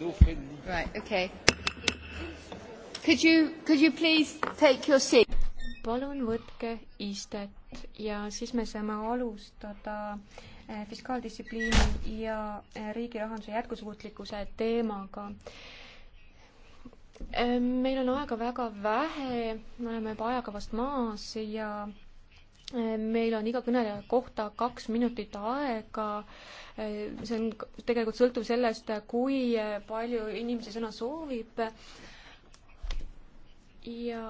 no friendly. Right, okay. Could you, could you please take your seat? palun võtke istet ja siis me saame alustada eh, fiskaaldistsipliini ja eh, riigi rahanduse jätkusuutlikkuse teemaga. Eh, meil on aega väga vähe, me oleme juba ajakavast maas ja meil on iga kõneleja kohta kaks minutit aega. see on tegelikult sõltuv sellest, kui palju inimesi sõna soovib. ja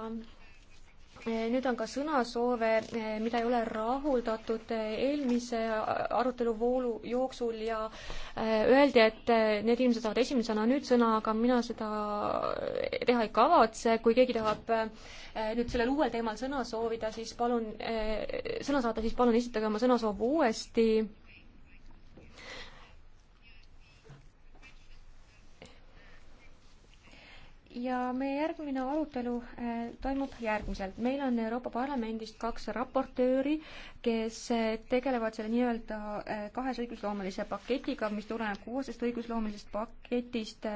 Eh, nüüd on ka sõnasoove, eh, mida ei ole rahuldatud eh, eelmise aruteluvoolu jooksul ja öeldi, et need inimesed saavad esimesena nüüd sõna, aga mina seda teha ei kavatse. kui keegi tahab nüüd sellel uuel teemal sõna soovida, siis palun, sõna saada, siis palun esitage oma sõnasoov uuesti ja meie järgmine arutelu äh, toimub järgmiselt. meil on Euroopa Parlamendist kaks raportööri, kes äh, tegelevad selle nii-öelda äh, kahes õigusloomelise paketiga, mis tuleneb kuuesest õigusloomelisest paketist.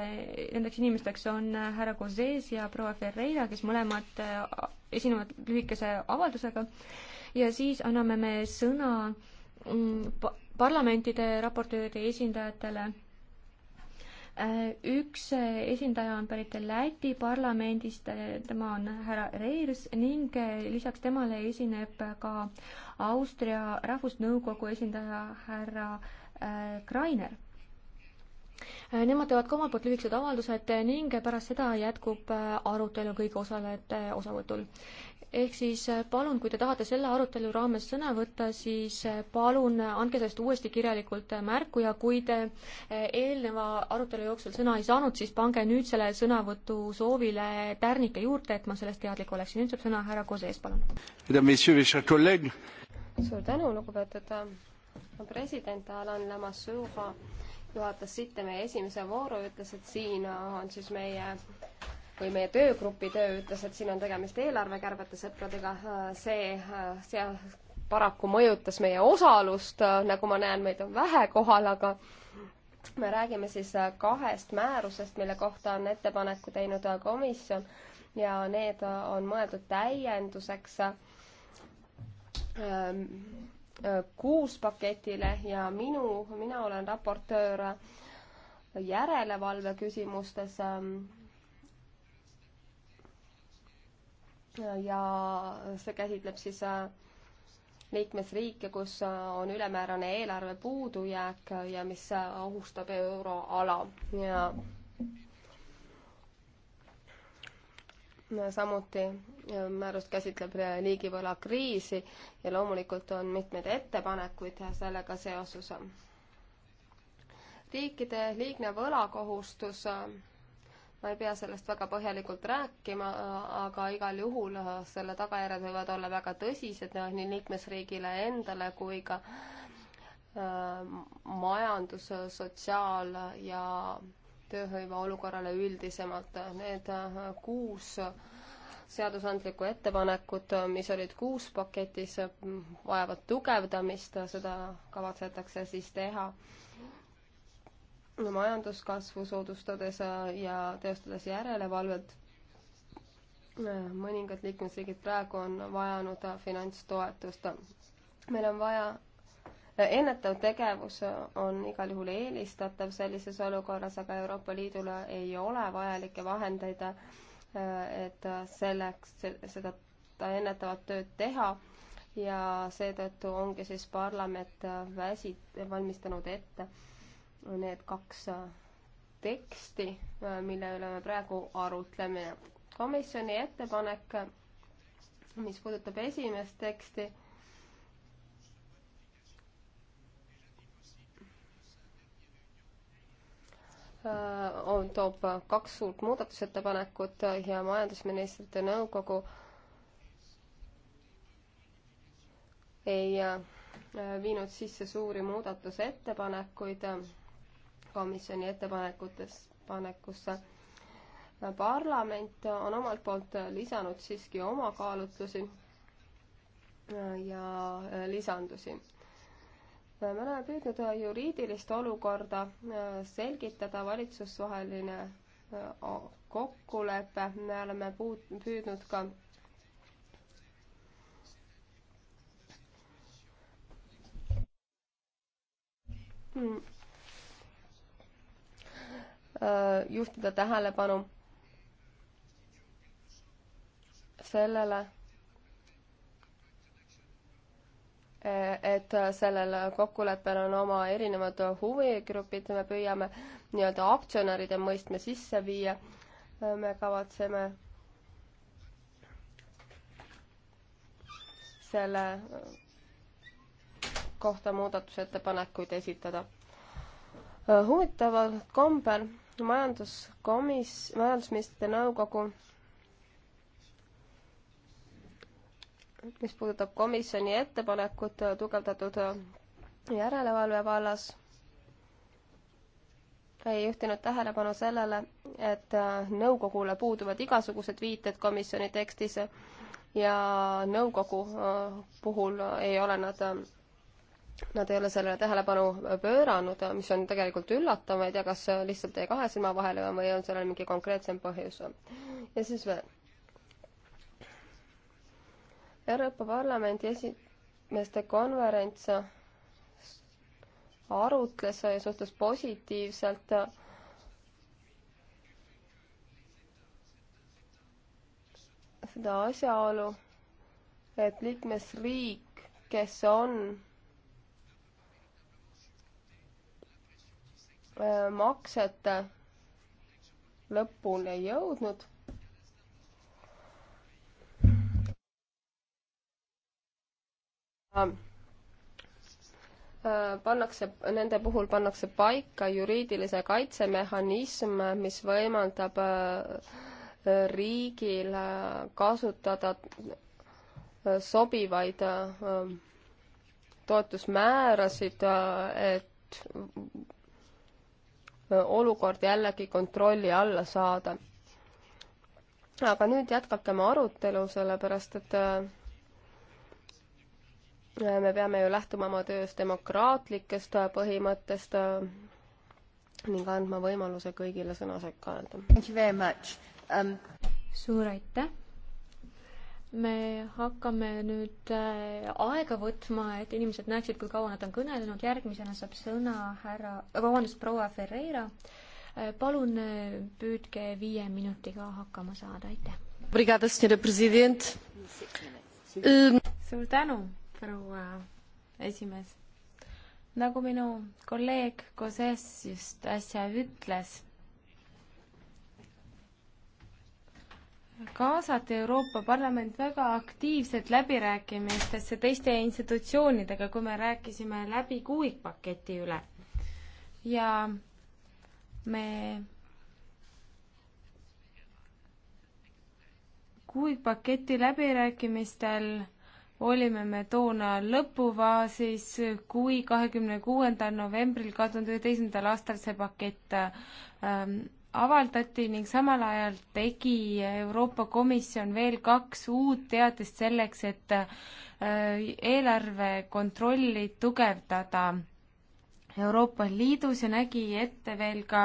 Nendeks inimesteks on härra Gozes ja proua Ferreira, kes mõlemad esinevad lühikese avaldusega. ja siis anname me sõna mm, parlamentide raportööride esindajatele Äh, üks äh, esindaja on pärit Läti parlamendist, äh, tema on härra Reirs ning lisaks temale esineb ka Austria Rahvusnõukogu esindaja härra Kreiner Nemad teevad ka omalt poolt lühikesed avaldused ning pärast seda jätkub arutelu kõigi osalejate osavõtul ehk siis äh, palun, kui te tahate selle arutelu raames sõna võtta, siis äh, palun äh, andke sellest uuesti kirjalikult märku ja kui te eelneva arutelu jooksul sõna ei saanud, siis pange nüüd selle sõnavõtu soovile tärnike juurde, et ma sellest teadlik oleksin. nüüd saab sõna härra Kosees, palun. suur tänu, lugupeetud president Alan Lamassoure juhatas siit meie esimese vooru, ütles, et siin on siis meie kui meie töögrupi töö ütles, et siin on tegemist eelarvekärbete sõpradega, see, see paraku mõjutas meie osalust, nagu ma näen, meid on vähe kohal, aga me räägime siis kahest määrusest, mille kohta on ettepaneku teinud komisjon ja need on mõeldud täienduseks ähm, kuus paketile ja minu, mina olen raportöör järelevalve küsimustes ähm, ja see käsitleb siis äh, liikmesriike, kus äh, on ülemäärane eelarve puudujääk ja mis äh, ohustab euroala ja samuti määrus käsitleb riigivõlakriisi ja loomulikult on mitmeid ettepanekuid sellega seoses. riikide liigne võlakohustus ma ei pea sellest väga põhjalikult rääkima, aga igal juhul äh, selle tagajärjed võivad olla väga tõsised nii liikmesriigile endale kui ka äh, majandus, sotsiaal ja tööhõive olukorrale üldisemalt. Need äh, kuus seadusandlikku ettepanekut, mis olid kuus paketis, vajavad tugevdamist, seda kavatsetakse siis teha majanduskasvu soodustades ja teostades järelevalvet. mõningad liikmesriigid praegu on vajanud finantstoetust. meil on vaja ennetav tegevus on igal juhul eelistatav sellises olukorras, aga Euroopa Liidul ei ole vajalikke vahendeid, et selleks, seda ennetavat tööd teha ja seetõttu ongi siis parlament väsi-, valmistanud ette need kaks äh, teksti, äh, mille üle me praegu arutleme. komisjoni ettepanek, äh, mis puudutab esimest teksti, on, toob kaks suurt muudatusettepanekut ja majandusministrite nõukogu ei viinud sisse suuri muudatusettepanekuid komisjoni ettepanekutes, panekusse. parlament on omalt poolt lisanud siiski oma kaalutlusi ja lisandusi. me oleme püüdnud juriidilist olukorda selgitada, valitsusvaheline kokkulepe, me oleme puut-, püüdnud ka Äh, juhtida tähelepanu sellele, et sellel kokkuleppel on oma erinevad huvigrupid, me püüame nii-öelda aktsionäride mõistme sisse viia. me kavatseme selle kohta muudatusettepanekuid esitada. huvitaval kombel majanduskomis-, majandusministrite nõukogu, mis puudutab komisjoni ettepanekut tugevdatud järelevalve vallas ei juhtinud tähelepanu sellele, et nõukogule puuduvad igasugused viited komisjoni tekstis ja nõukogu äh, puhul ei ole nad äh, nad ei ole sellele tähelepanu pööranud, mis on tegelikult üllatav, ma ei tea, kas lihtsalt jäi kahe silma vahele või on sellel mingi konkreetsem põhjus. ja siis veel. Euroopa Parlamendi esimeeste konverents arutles ja suhtus positiivselt seda asjaolu, et liikmesriik, kes on Äh, maksete lõpuni ei jõudnud. Äh, pannakse, nende puhul pannakse paika juriidilise kaitsemehhanism, mis võimaldab äh, riigil kasutada sobivaid toetusmäärasid, et olukord jällegi kontrolli alla saada. aga nüüd jätkakem arutelu, sellepärast et äh, me peame ju lähtuma oma töös demokraatlikest äh, põhimõttest äh, ning andma võimaluse kõigile sõna sekka öelda. Um... suur aitäh! me hakkame nüüd äh, aega võtma, et inimesed näeksid, kui kaua nad on kõnelenud, järgmisena saab sõna härra, vabandust, proua Ferreira. Äh, palun äh, püüdke viie minutiga hakkama saada, aitäh. suur tänu, proua esimees. nagu minu kolleeg Koses just äsja ütles kaasati Euroopa Parlament väga aktiivselt läbirääkimistesse teiste institutsioonidega, kui me rääkisime läbi kuuikpaketi üle. ja me kuuikpaketi läbirääkimistel olime me toona lõpufaasis, kui kahekümne kuuendal novembril kahe tuhande üheteistkümnendal aastal see pakett ähm, avaldati ning samal ajal tegi Euroopa Komisjon veel kaks uut teatist selleks, et äh, eelarve kontrolli tugevdada Euroopa Liidus ja nägi ette veel ka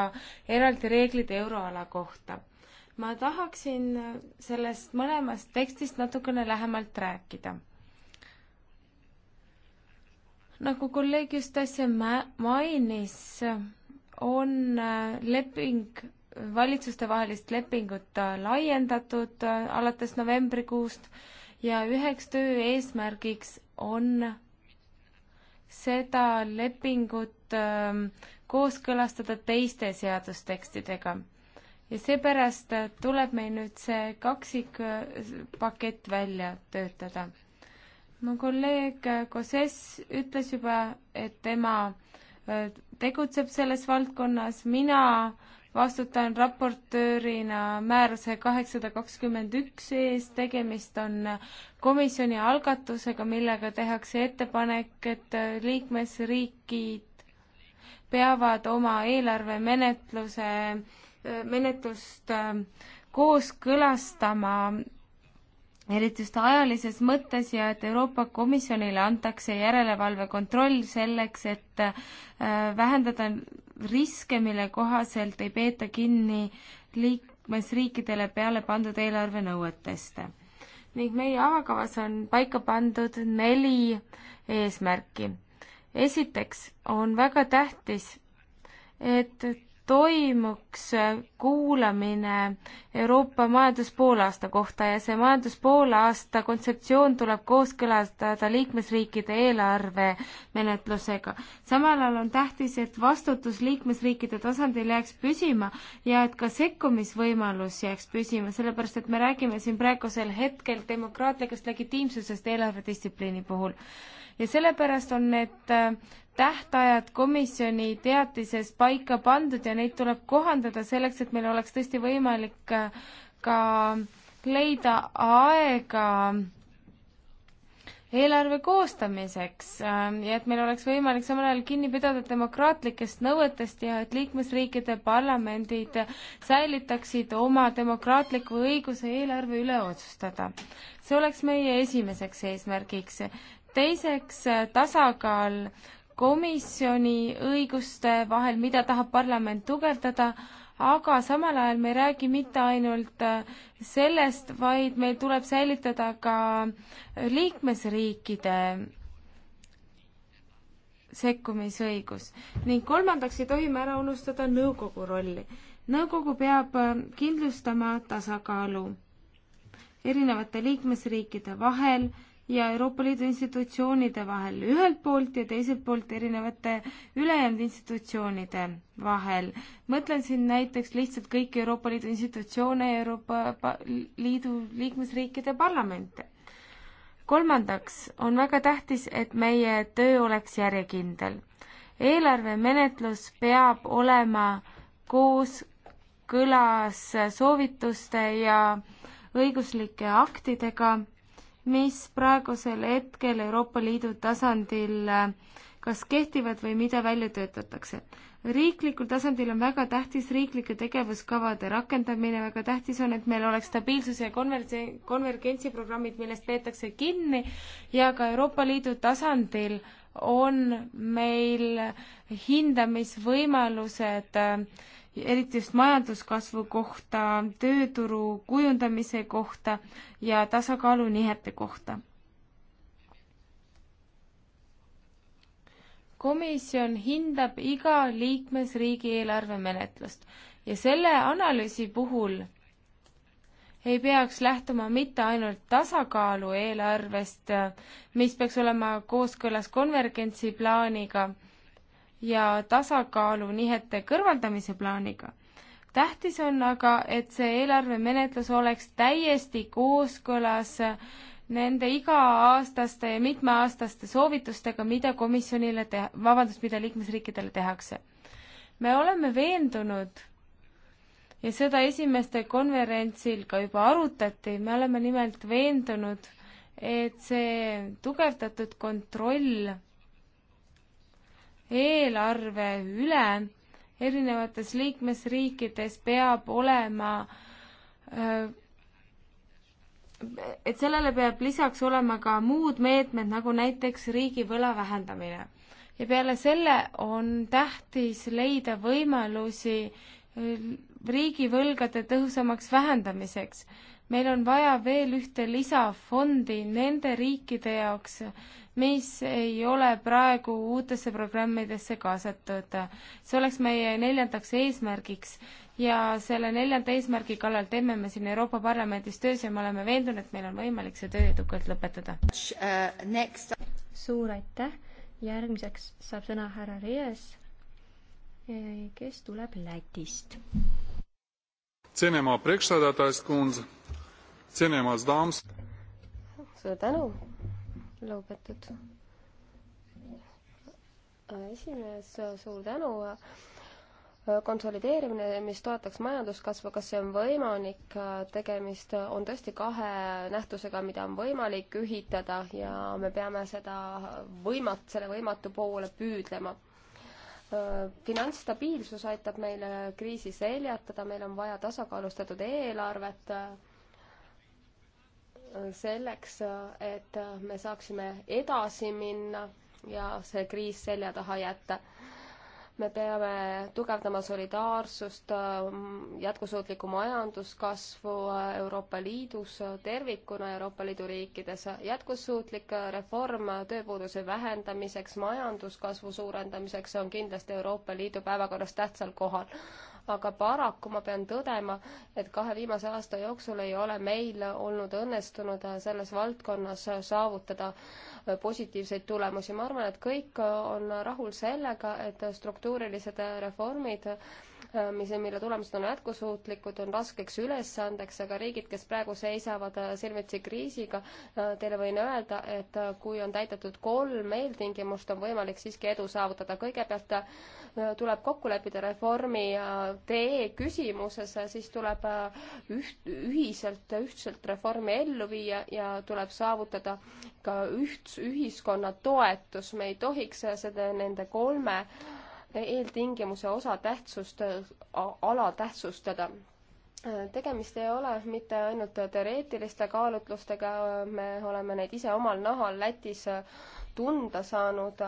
eraldi reeglid euroala kohta. ma tahaksin sellest mõlemast tekstist natukene lähemalt rääkida nagu kolleeg just äsja mainis, on äh, leping valitsustevahelist lepingut äh, laiendatud äh, alates novembrikuust ja üheks töö eesmärgiks on seda lepingut ähm, kooskõlastada teiste seadustekstidega. ja seepärast äh, tuleb meil nüüd see kaksikpakett välja töötada. mu kolleeg Koses ütles juba, et tema tegutseb selles valdkonnas, mina äh, vastutan raportöörina määruse kaheksasada kakskümmend üks ees, tegemist on komisjoni algatusega, millega tehakse ettepanek, et liikmesriigid peavad oma eelarvemenetluse, menetlust äh, kooskõlastama eriti just ajalises mõttes ja et Euroopa Komisjonile antakse järelevalve kontroll selleks, et äh, vähendada riske, mille kohaselt ei peeta kinni liikmesriikidele peale pandud eelarvenõuetest. ning meie avakavas on paika pandud neli eesmärki. esiteks on väga tähtis, et toimuks kuulamine Euroopa majanduspoolaasta kohta ja see majanduspoolaasta kontseptsioon tuleb kooskõlastada liikmesriikide eelarvemenetlusega. samal ajal on tähtis, et vastutus liikmesriikide tasandil jääks püsima ja et ka sekkumisvõimalus jääks püsima, sellepärast et me räägime siin praegusel hetkel demokraatlikust legitiimsusest eelarvedistsipliini puhul ja sellepärast on need tähtajad komisjoni teatises paika pandud ja neid tuleb kohandada selleks, et meil oleks tõesti võimalik äh, ka leida aega eelarve koostamiseks ähm, ja et meil oleks võimalik samal ajal kinni pidada demokraatlikest nõuetest ja et liikmesriikide parlamendid säilitaksid oma demokraatliku õiguse eelarve üle otsustada. see oleks meie esimeseks eesmärgiks. teiseks, äh, tasakaal komisjoni õiguste vahel, mida tahab parlament tugevdada, aga samal ajal me ei räägi mitte ainult äh, sellest, vaid meil tuleb säilitada ka liikmesriikide sekkumisõigus ning kolmandaks ei tohi me ära unustada nõukogu rolli. nõukogu peab äh, kindlustama tasakaalu erinevate liikmesriikide vahel ja Euroopa Liidu institutsioonide vahel ühelt poolt ja teiselt poolt erinevate ülejäänud institutsioonide vahel. mõtlen siin näiteks lihtsalt kõiki Euroopa Liidu institutsioone ja Euroopa Liidu liikmesriikide parlamente. kolmandaks on väga tähtis, et meie töö oleks järjekindel. eelarvemenetlus peab olema koos kõlas soovituste ja õiguslike aktidega mis praegusel hetkel Euroopa Liidu tasandil kas kehtivad või mida välja töötatakse. riiklikul tasandil on väga tähtis riiklike tegevuskavade rakendamine, väga tähtis on, et meil oleks stabiilsuse ja konvergentsi, konvergentsiprogrammid, millest peetakse kinni ja ka Euroopa Liidu tasandil on meil hindamisvõimalused äh, eriti just majanduskasvu kohta, tööturu kujundamise kohta ja tasakaalu nihete kohta. komisjon hindab iga liikmesriigi eelarvemenetlust ja selle analüüsi puhul ei peaks lähtuma mitte ainult tasakaalu eelarvest, mis peaks olema kooskõlas konvergentsi plaaniga ja tasakaalu nihete kõrvaldamise plaaniga. tähtis on aga, et see eelarvemenetlus oleks täiesti kooskõlas nende iga-aastaste ja mitmeaastaste soovitustega, mida komisjonile teha, vabandust, mida liikmesriikidele tehakse. me oleme veendunud ja seda esimeste konverentsil ka juba arutati, me oleme nimelt veendunud, et see tugevdatud kontroll eelarve üle erinevates liikmesriikides peab olema äh, et sellele peab lisaks olema ka muud meetmed, nagu näiteks riigivõla vähendamine. ja peale selle on tähtis leida võimalusi äh, riigivõlgade tõhusamaks vähendamiseks meil on vaja veel ühte lisafondi nende riikide jaoks, mis ei ole praegu uutesse programmidesse kaasatud. see oleks meie neljandaks eesmärgiks ja selle neljanda eesmärgi kallal teeme me siin Euroopa Parlamendis töös ja me oleme veendunud, et meil on võimalik see töö edukalt lõpetada. suur aitäh, järgmiseks saab sõna härra Rees, eh, kes tuleb Lätist. Cienema prekšsadatājs kundze cienījamās dāmas. suur tänu, lugupeetud esimees, suur tänu. Äh, konsolideerimine, mis toetaks majanduskasvu, kas see on võimalik, tegemist on tõesti kahe nähtusega, mida on võimalik ühitada ja me peame seda võimat, selle võimatu poole püüdlema äh, finantsstabiilsus aitab meile kriisi seljatada, meil on vaja tasakaalustatud eelarvet äh, selleks, et me saaksime edasi minna ja see kriis selja taha jätta. me peame tugevdama solidaarsust, jätkusuutlikku majanduskasvu Euroopa Liidus tervikuna, Euroopa Liidu riikides, jätkusuutlik reform tööpuuduse vähendamiseks, majanduskasvu suurendamiseks on kindlasti Euroopa Liidu päevakorras tähtsal kohal aga paraku ma pean tõdema, et kahe viimase aasta jooksul ei ole meil olnud õnnestunud äh, selles valdkonnas äh, saavutada äh, positiivseid tulemusi. ma arvan, et kõik on rahul sellega, et struktuurilised reformid mis, mille tulemused on jätkusuutlikud, on raskeks ülesandeks, aga riigid, kes praegu seisavad äh, silmitsi kriisiga, äh, teile võin öelda, et äh, kui on täidetud kolm eeltingimust, on võimalik siiski edu saavutada. kõigepealt tuleb kokku leppida reformi tee küsimuses, siis tuleb üht, ühiselt, ühtselt reformi ellu viia ja tuleb saavutada ka üht, ühiskonna toetus. me ei tohiks seda nende kolme äh, eeltingimuse osa tähtsust, ala tähtsustada. tegemist ei ole mitte ainult teoreetiliste kaalutlustega, me oleme neid ise omal nahal Lätis tunda saanud.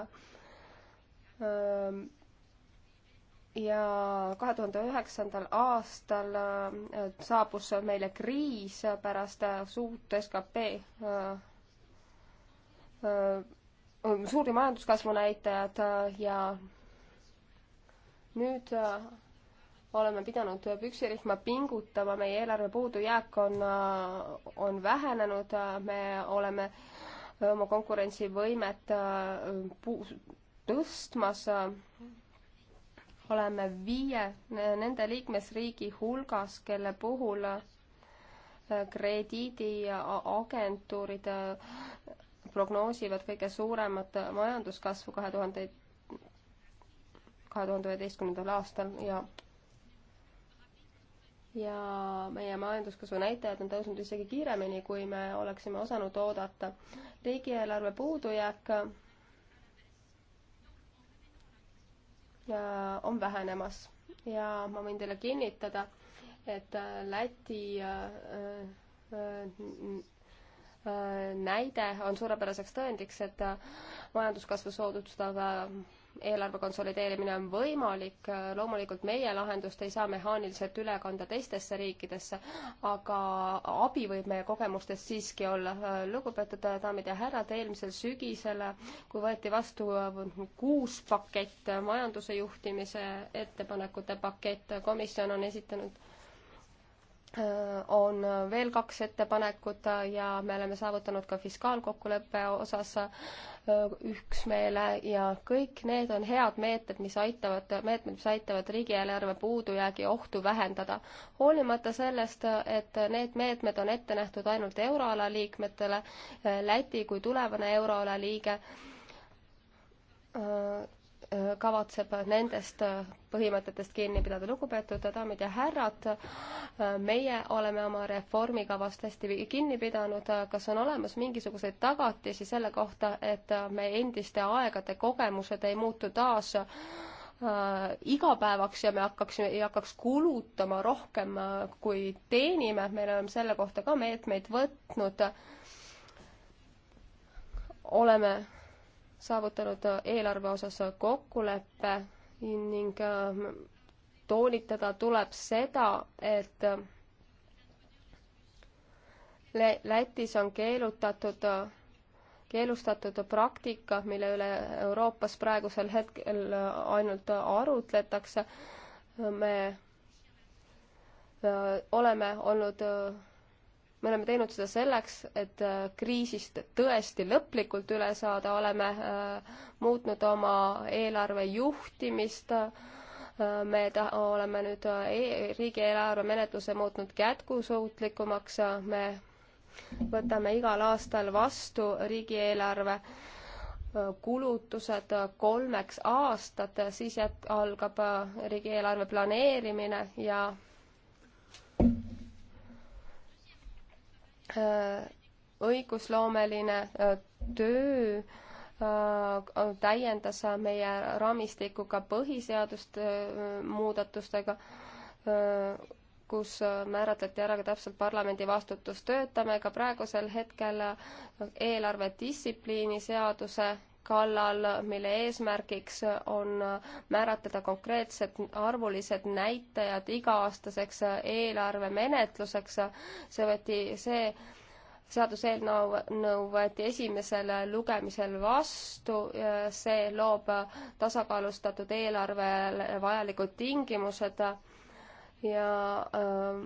ja kahe tuhande üheksandal aastal saabus meile kriis pärast suurt skp suuri majanduskasvu näitajad ja nüüd äh, oleme pidanud püksirihma pingutama, meie eelarve puudujääk on, äh, on vähenenud, äh, me oleme oma konkurentsivõimet tõstmas, oleme viie nende liikmesriigi hulgas, kelle puhul krediidiagentuurid prognoosivad kõige suuremat majanduskasvu kahe tuhande kahe tuhande üheteistkümnendal aastal ja ja meie majanduskasvu näitajad on tõusnud isegi kiiremini, kui me oleksime osanud oodata. riigieelarve puudujääk on vähenemas ja ma võin teile kinnitada, et Läti äh, äh, äh, näide on suurepäraseks tõendiks, et majanduskasvu soodustav eelarve konsolideerimine on võimalik, loomulikult meie lahendust ei saa mehaaniliselt üle kanda teistesse riikidesse, aga abi võib meie kogemustest siiski olla. lugupeetud daamid ja härrad, eelmisel sügisel, kui võeti vastu kuus pakett majanduse juhtimise ettepanekute pakett, komisjon on esitanud on veel kaks ettepanekut ja me oleme saavutanud ka fiskaalkokkuleppe osas üksmeele ja kõik need on head meetmed, mis aitavad, meetmed, mis aitavad riigieelarve puudujäägi ohtu vähendada. hoolimata sellest, et need meetmed on ette nähtud ainult euroala liikmetele, Läti kui tulevane euroala liige Äh, kavatseb nendest äh, põhimõtetest kinni pidada. lugupeetud daamid ja härrad, äh, meie oleme oma reformikavast hästi kinni pidanud. kas on olemas mingisuguseid tagatisi selle kohta, et meie endiste aegade kogemused ei muutu taas äh, igapäevaks ja me hakkaksime, ei hakkaks kulutama rohkem, kui teenime, me oleme selle kohta ka meetmeid võtnud. oleme saavutanud eelarve osas kokkuleppe ning äh, toonitada tuleb seda, et äh, Lätis on keelutatud, äh, keelustatud praktika, mille üle Euroopas praegusel hetkel ainult arutletakse. me oleme olnud me oleme teinud seda selleks, et äh, kriisist tõesti lõplikult üle saada, oleme äh, muutnud oma eelarve juhtimist, äh, me ta-, oleme nüüd e riigieelarve menetluse muutnud jätkusuutlikumaks, me võtame igal aastal vastu riigieelarve kulutused kolmeks aastat, siis jät-, algab riigieelarve planeerimine ja Äh, õigusloomeline äh, töö äh, täiendas meie raamistikku ka põhiseadust muudatustega, kus määratleti ära ka täpselt parlamendi vastutus. töötame ka praegusel hetkel eelarvedistsipliini seaduse kallal, mille eesmärgiks on määratleda konkreetsed arvulised näitajad iga-aastaseks eelarvemenetluseks. see võeti, see seaduseelnõu võeti esimesel lugemisel vastu, see loob tasakaalustatud eelarvele vajalikud tingimused ja ähm,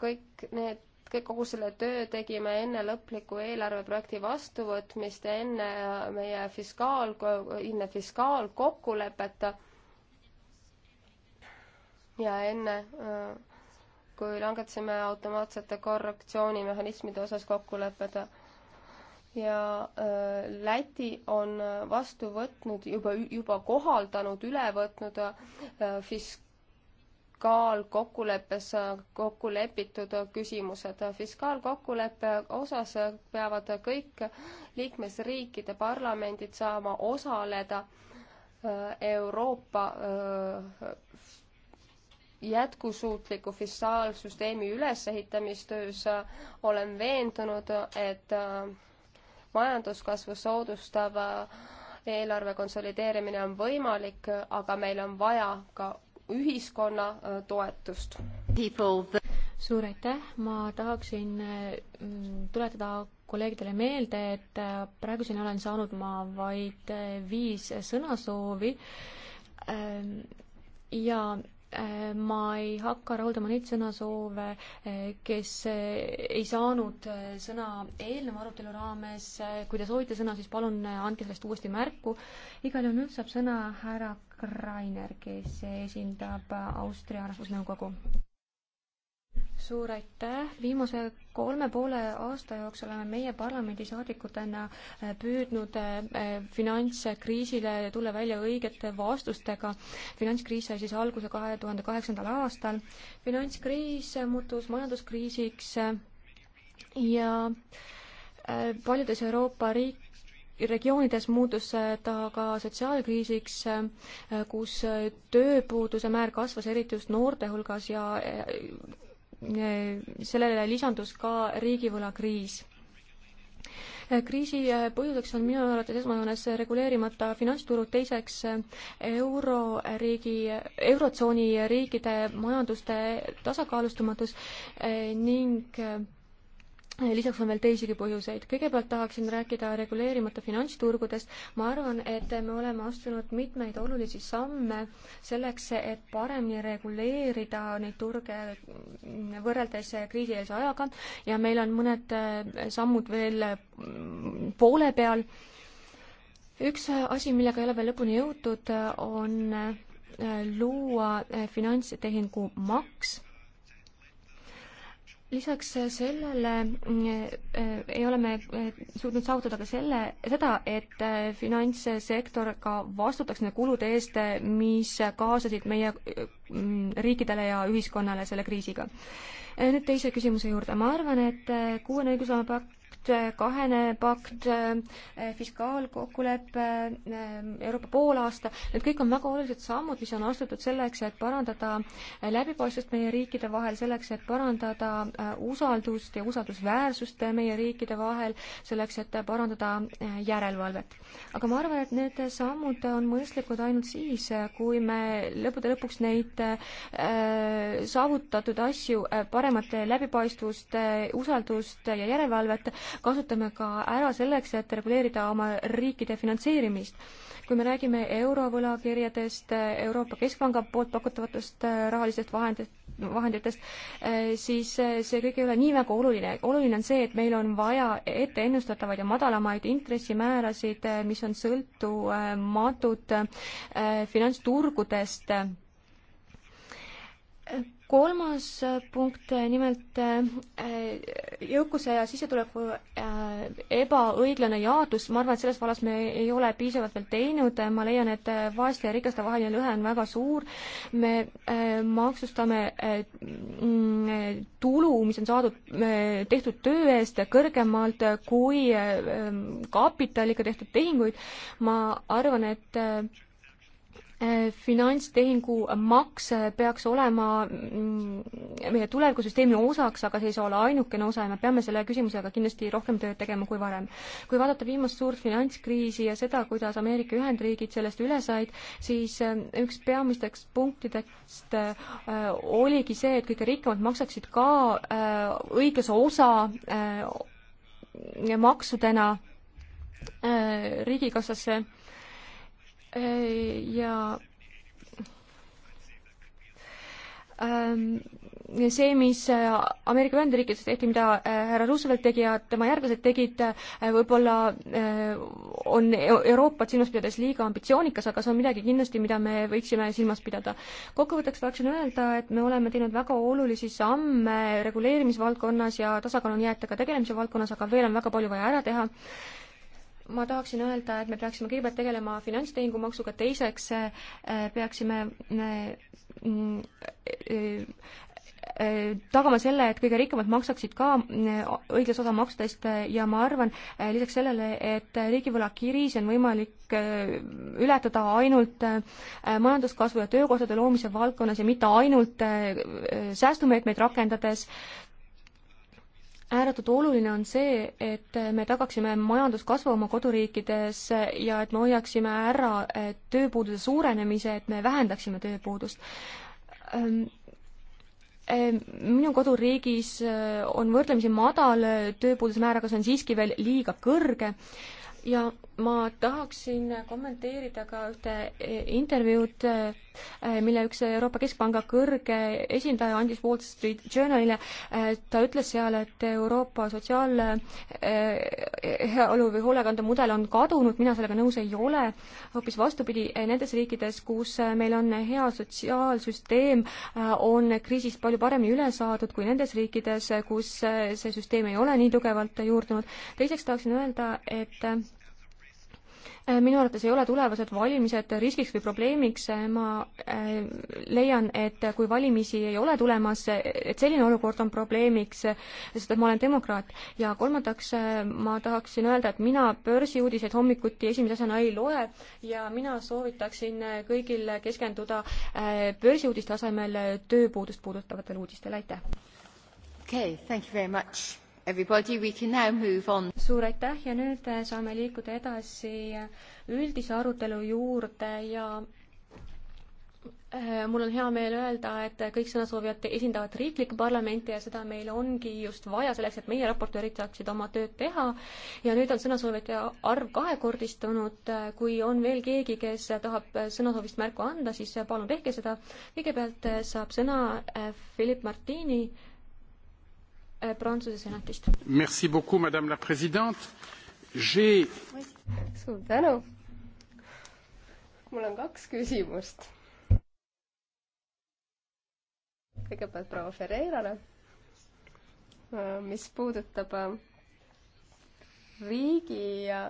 kõik need kogu selle töö tegime enne lõplikku eelarveprojekti vastuvõtmist, enne äh, meie fiskaal, enne fiskaalkokkulepet ja enne äh, kui langetasime automaatsete korrektsioonimehhanismide osas kokkulepped ja äh, Läti on vastu võtnud juba, juba kohaldanud, üle võtnud äh, fisk-, fiskaal kokkuleppes äh, kokku lepitud küsimused. fiskaalkokkuleppe osas peavad kõik liikmesriikide parlamendid saama osaleda äh, Euroopa äh, jätkusuutliku fiskaalsüsteemi ülesehitamistöös. olen veendunud, et majanduskasvu soodustav eelarve konsolideerimine on võimalik, aga meil on vaja ka ühiskonna äh, toetust. suur aitäh, ma tahaksin äh, tuletada kolleegidele meelde, et äh, praeguseni olen saanud ma vaid viis sõnasoovi ähm, ja ma ei hakka rahuldama neid sõnasoove, kes ei saanud sõna eelneva arutelu raames. kui te soovite sõna, siis palun andke sellest uuesti märku. igal juhul nüüd saab sõna härra Rainer, kes esindab Austria Rahvusnõukogu. suur aitäh, viimase kolme poole aasta jooksul oleme meie parlamendisaadikutena äh, püüdnud äh, finantskriisile tulla välja õigete vastustega. finantskriis sai siis alguse kahe tuhande kaheksandal aastal. finantskriis muutus majanduskriisiks äh, ja paljudes Euroopa riik-, regioonides muutus ta ka sotsiaalkriisiks, kus tööpuuduse määr kasvas eriti just noorte hulgas ja sellele lisandus ka riigivõlakriis kriisi põhjuseks on minu arvates esmajoones reguleerimata finantsturud, teiseks euroriigi, eurotsooni riikide majanduste tasakaalustamatus ning lisaks on veel teisigi põhjuseid. kõigepealt tahaksin rääkida reguleerimata finantsturgudest. ma arvan, et me oleme astunud mitmeid olulisi samme selleks, et paremini reguleerida neid turge võrreldes kriisieelse ajaga ja meil on mõned äh, sammud veel mm, poole peal. üks asi, millega ei ole veel lõpuni jõutud, on äh, luua äh, finantstehingu maks lisaks sellele eh, ei ole me eh, suutnud saavutada ka selle, seda, et eh, finantssektor ka vastutaks nende kulude eest, mis kaasasid meie riikidele ja ühiskonnale selle kriisiga. nüüd teise küsimuse juurde, ma arvan, et kuuene õigusloome pakk pakt, kahene pakt, eh, fiskaalkokkulepe, eh, Euroopa poolaasta, need kõik on väga olulised sammud, mis on astutud selleks, et parandada läbipaistvust meie riikide vahel, selleks, et parandada eh, usaldust ja usaldusväärsust meie riikide vahel, selleks, et parandada järelevalvet. aga ma arvan, et need sammud on mõistlikud ainult siis, kui me lõppude lõpuks neid saavutatud asju, paremat läbipaistvust, usaldust ja järelevalvet kasutame ka ära selleks, et reguleerida oma riikide finantseerimist. kui me räägime eurovõlakirjadest, Euroopa Keskpanga poolt pakutavatest äh, rahalisest vahendit, vahenditest, äh, siis äh, see kõik ei ole nii väga oluline. oluline on see, et meil on vaja ette ennustatavaid ja madalamaid intressimäärasid, mis on sõltumatud finantsturgudest kolmas äh, punkt, äh, nimelt äh, jõukuse ja sissetuleku ebaõiglane jaotus, ma arvan, et selles vallas me ei ole piisavalt veel teinud, ma leian, et vaeste ja rikaste vaheline lõhe on väga suur, me maksustame mm, tulu, mis on saadud, tehtud töö eest kõrgemalt kui kapitaliga tehtud tehinguid, ma arvan, et finantstehingu maks peaks olema mm, meie tulevikusüsteemi osaks, aga see ei saa olla ainukene osa ja me peame selle küsimusega kindlasti rohkem tööd tegema kui varem. kui vaadata viimast suurt finantskriisi ja seda, kuidas Ameerika Ühendriigid sellest üle said, siis äh, üks peamisteks punktidest äh, oligi see, et kõige rikkamad maksaksid ka äh, õiglase osa maksudena riigikassasse Äh, ähm, ja see, mis äh, Ameerika Ühendriikides tehti, mida äh, härra Roosevelt tegi ja tema järglased tegid, võib-olla on e-, Euroopat silmas pidades liiga ambitsioonikas, aga see on midagi kindlasti, mida me võiksime silmas pidada. kokkuvõtteks tahaksin öelda, et me oleme teinud väga olulisi samme reguleerimisvaldkonnas ja tasakaalunijäätega tegelemise valdkonnas, aga veel on väga palju vaja ära teha ma tahaksin öelda, et me peaksime kõigepealt tegelema finantstehingumaksuga, teiseks äh, peaksime äh, äh, tagama selle, et kõige rikkamad maksaksid ka õiglase osa maksudest ja ma arvan lisaks sellele, et riigivõlakriisi on võimalik ületada ainult majanduskasvu ja töökohtade loomise valdkonnas ja mitte ainult säästumeetmeid rakendades ääretult oluline on see, et me tagaksime majanduskasvu oma koduriikides ja et me hoiaksime ära eh, tööpuuduse suurenemise, et me vähendaksime tööpuudust ehm, ehm, minu koduriigis eh, on võrdlemisi madal eh, tööpuuduse määr, aga see on siiski veel liiga kõrge ja ma tahaksin kommenteerida ka ühte e, intervjuud, e, mille üks Euroopa Keskpanga kõrge esindaja andis Wall Street Journalile. E, ta ütles seal, et Euroopa sotsiaalheaolu või hoolekandemudel on kadunud, mina sellega nõus ei ole. hoopis vastupidi, nendes riikides, kus meil on hea sotsiaalsüsteem, on kriisist palju paremini üle saadud kui nendes riikides, kus see süsteem ei ole nii tugevalt juurdunud. teiseks tahaksin öelda, et Äh, minu arvates ei ole tulevased valimised riskiks või probleemiks, äh, ma äh, leian, et kui valimisi ei ole tulemas, et selline olukord on probleemiks, sest et ma olen demokraat. ja kolmandaks ma tahaksin öelda, et mina börsiuudiseid hommikuti esimese asjana ei loe ja mina soovitaksin kõigil keskenduda börsiuudiste asemel tööpuudust puudutavatele uudistele, aitäh! Okay, thank you very much. Everybody, we can now move on. suur aitäh ja nüüd eh, saame liikuda edasi eh, üldise arutelu juurde ja eh, mul on hea meel öelda, et kõik sõnasoovijad esindavad riiklikku parlamenti ja seda meil ongi just vaja selleks, et meie raportöörid saaksid oma tööd teha. ja nüüd on sõnasoovijate arv kahekordistunud. kui on veel keegi, kes tahab sõnasoovist märku anda, siis palun tehke seda. kõigepealt saab sõna Philip Martini Äh, Prantsuse senatist. Merci beaucoup, madame la president. J'ai. suur tänu. mul on kaks küsimust. kõigepealt proua Ferreirale, äh, mis puudutab äh, riigi ja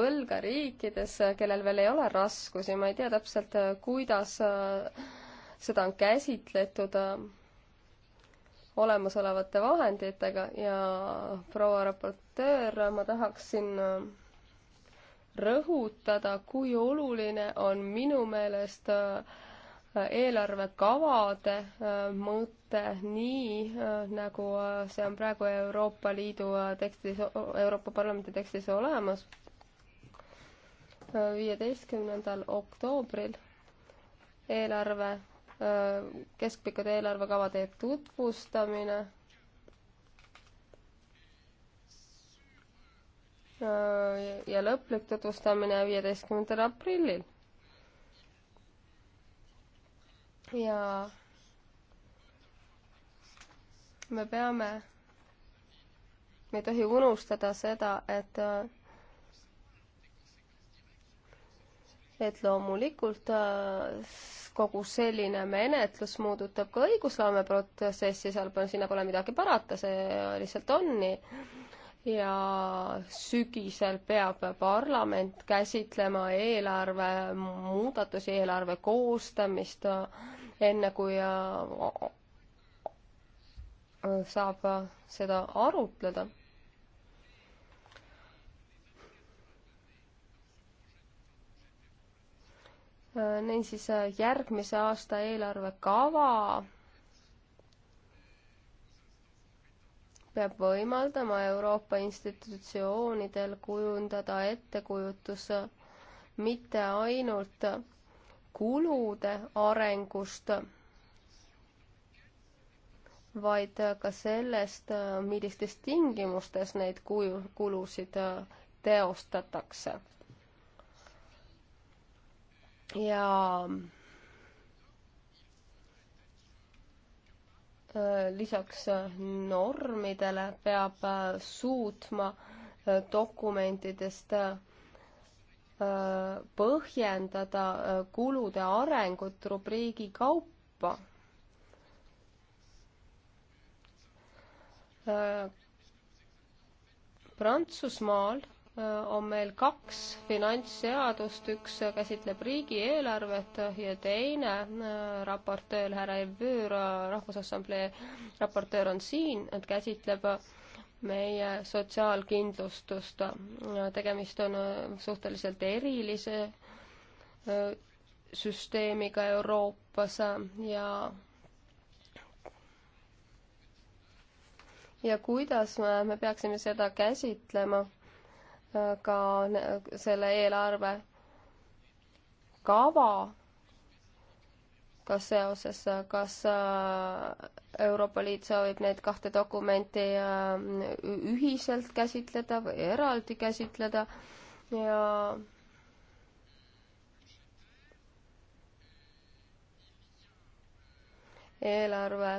võlga riikides, kellel veel ei ole raskusi, ma ei tea täpselt, kuidas seda on käsitletud olemasolevate vahenditega ja proua raportöör, ma tahaksin äh, rõhutada, kui oluline on minu meelest äh, eelarvekavade äh, mõte nii, nagu see on praegu Euroopa Liidu tekstis, Euroopa Parlamendi tekstis olemas, viieteistkümnendal oktoobril eelarve keskpikkade eelarvekavade tutvustamine, ja lõplik tutvustamine viieteistkümnendal aprillil. ja me peame, me ei tohi unustada seda, et et loomulikult äh, kogu selline menetlus muudutab ka õigusloome protsessi, seal pole, sinna pole midagi parata, see lihtsalt on nii. ja sügisel peab parlament käsitlema eelarve muudatusi, eelarve koostamist, äh, enne kui äh, saab seda arutleda niisiis äh, järgmise aasta eelarvekava peab võimaldama Euroopa institutsioonidel kujundada ettekujutus mitte ainult kulude arengust, vaid ka sellest, millistes tingimustes neid kuju, kulusid äh, teostatakse ja äh, lisaks äh, normidele peab äh, suutma dokumentidest põhjendada kulude arengut rubriigi kaupa. Prantsusmaal Äh, on meil kaks finantsseadust, üks käsitleb riigieelarvet ja teine äh, raportöör, härra Evüür, Rahvusassamblee raportöör on siin, et käsitleb meie sotsiaalkindlustust. Äh, tegemist on suhteliselt erilise süsteemiga Euroopas ja ja kuidas me, me peaksime seda käsitlema ka selle eelarve kava ka seoses, kas äh, Euroopa Liit soovib neid kahte dokumenti äh, ühiselt käsitleda või eraldi käsitleda ja eelarve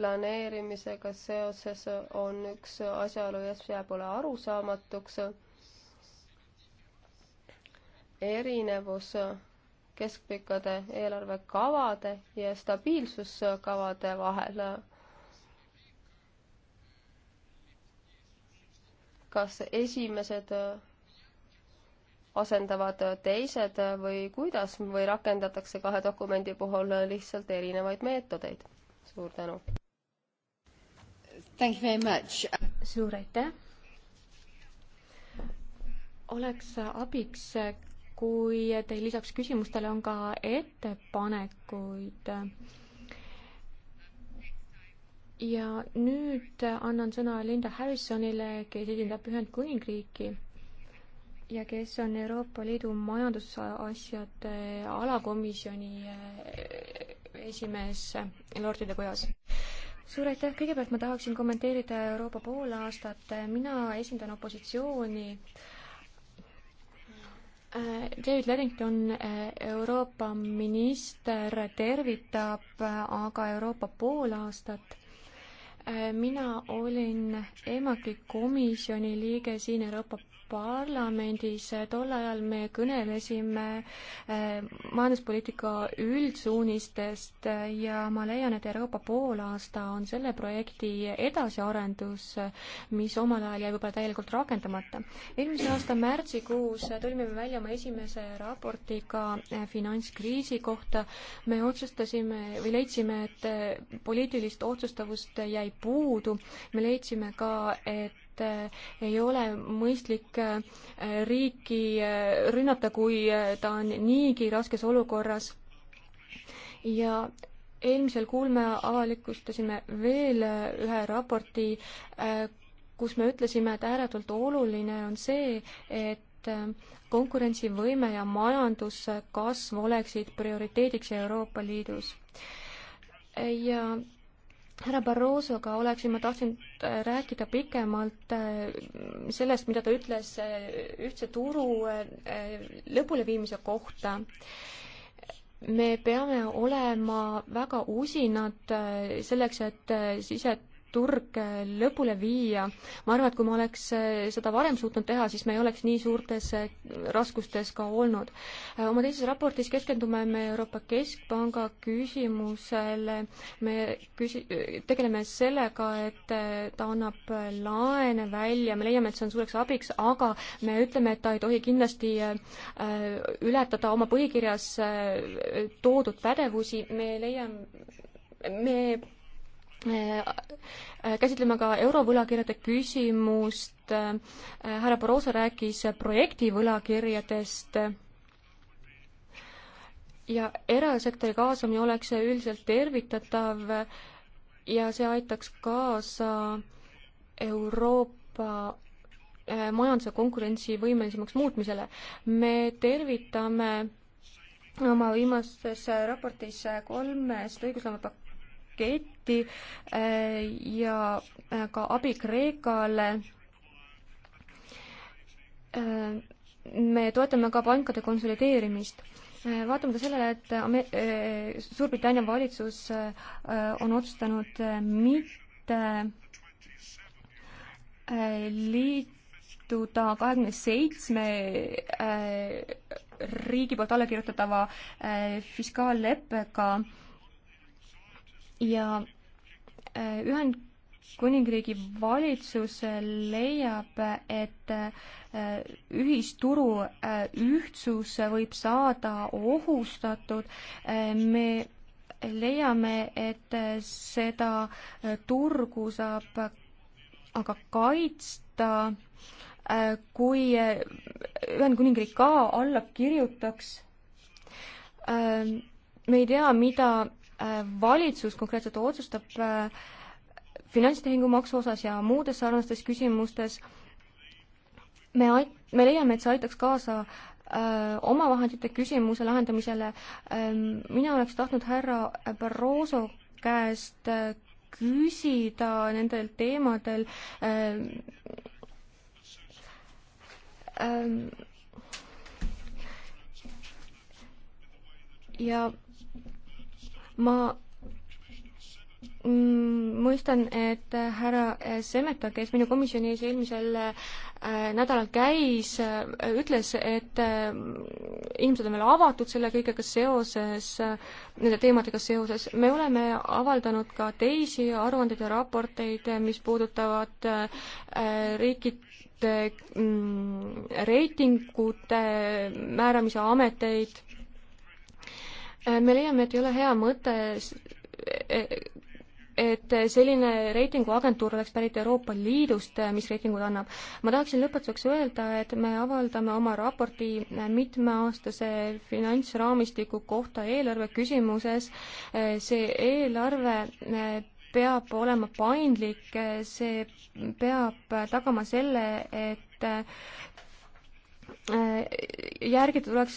planeerimisega seoses on üks asjaolu, mis jääb mulle arusaamatuks. erinevus keskpikkade eelarvekavade ja stabiilsuskavade vahel. kas esimesed asendavad teised või kuidas või rakendatakse kahe dokumendi puhul lihtsalt erinevaid meetodeid? suur tänu! suur aitäh! oleks abiks, kui teil lisaks küsimustele on ka ettepanekuid. ja nüüd annan sõna Linda Harrisonile, kes esindab Ühendkuningriiki ja kes on Euroopa Liidu majandusasjade alakomisjoni esimees Lordide Kojas suur aitäh, kõigepealt ma tahaksin kommenteerida Euroopa poolaastat, mina esindan opositsiooni. Äh, David Ledington, äh, Euroopa minister, tervitab äh, aga Euroopa poolaastat mina olin EMAK-i komisjoni liige siin Euroopa Parlamendis, tol ajal me kõnelesime äh, majanduspoliitika üldsuunistest ja ma leian, et Euroopa poolaasta on selle projekti edasiarendus, mis omal ajal jäi võib-olla täielikult rakendamata. eelmise aasta märtsikuus tulime me välja oma esimese raportiga äh, finantskriisi kohta. me otsustasime või leidsime, et äh, poliitilist otsustavust jäi puudu. me leidsime ka, et äh, ei ole mõistlik äh, riiki äh, rünnata, kui ta on niigi raskes olukorras. ja eelmisel kuul me avalikustasime veel ühe raporti, kus me ütlesime, et ääretult oluline on see, et konkurentsivõime ja majanduskasv oleksid prioriteediks Euroopa Liidus. ja härra Barrosoga oleksin ma tahtnud äh, rääkida pikemalt äh, sellest, mida ta ütles äh, ühtse turu lõpuleviimise kohta. me peame olema väga usinad selleks, et siset turg lõpule viia. ma arvan, et kui ma oleks äh, seda varem suutnud teha, siis me ei oleks nii suurtes äh, raskustes ka olnud. Äh, oma teises raportis keskendume me Euroopa Keskpanga küsimusele. me küsi-, tegeleme sellega, et ta annab laene välja, me leiame, et see on suureks abiks, aga me ütleme, et ta ei tohi kindlasti ületada oma põhikirjas toodud pädevusi, me leiame, me Äh, käsitlema ka eurovõlakirjade küsimust, äh, härra Barroso rääkis projektivõlakirjadest ja erasektori kaasamine oleks üldiselt tervitatav ja see aitaks kaasa Euroopa äh, majanduse konkurentsivõimelisemaks muutmisele. me tervitame oma viimases raportis kolmest õigusloome paketti äh, ja äh, ka abi Kreekale äh, me toetame ka pankade konsolideerimist. vaatamata sellele, et Ame-, Suurbritannia valitsus on otsustanud mitte liituda kahekümne seitsme riigi poolt alla kirjutatava fiskaalleppega, ja äh, Ühendkuningriigi valitsus leiab, et äh, ühisturu äh, ühtsus võib saada ohustatud. me leiame, et seda turgu saab aga kaitsta, kui Ühendkuningriik ka alla kirjutaks me ei tea, mida Äh, valitsus konkreetselt otsustab äh, finantstehingu maksu osas ja muudes sarnastes küsimustes, me ait-, me leiame, et see aitaks kaasa äh, omavahendite küsimuse lahendamisele. Ähm, mina oleks tahtnud härra Barroso käest küsida nendel teemadel ähm, ähm, ja ma mm, mõistan, et härra Semeta, kes minu komisjoni ees eelmisel äh, nädalal käis, äh, ütles, et äh, inimesed on veel avatud selle kõigega seoses, nende teemadega seoses. me oleme avaldanud ka teisi aruandeid ja raporteid, mis puudutavad riikide mm, reitingute määramise ameteid Äh, me leiame, et ei ole hea mõte e, e, et selline reitinguagentuur oleks pärit Euroopa Liidust, äh, mis reitingud annab. ma tahaksin lõpetuseks öelda, et me avaldame oma raporti äh, mitmeaastase finantsraamistiku kohta eelarve küsimuses. see eelarve peab olema paindlik, see peab tagama selle, et Äh, järgida tuleks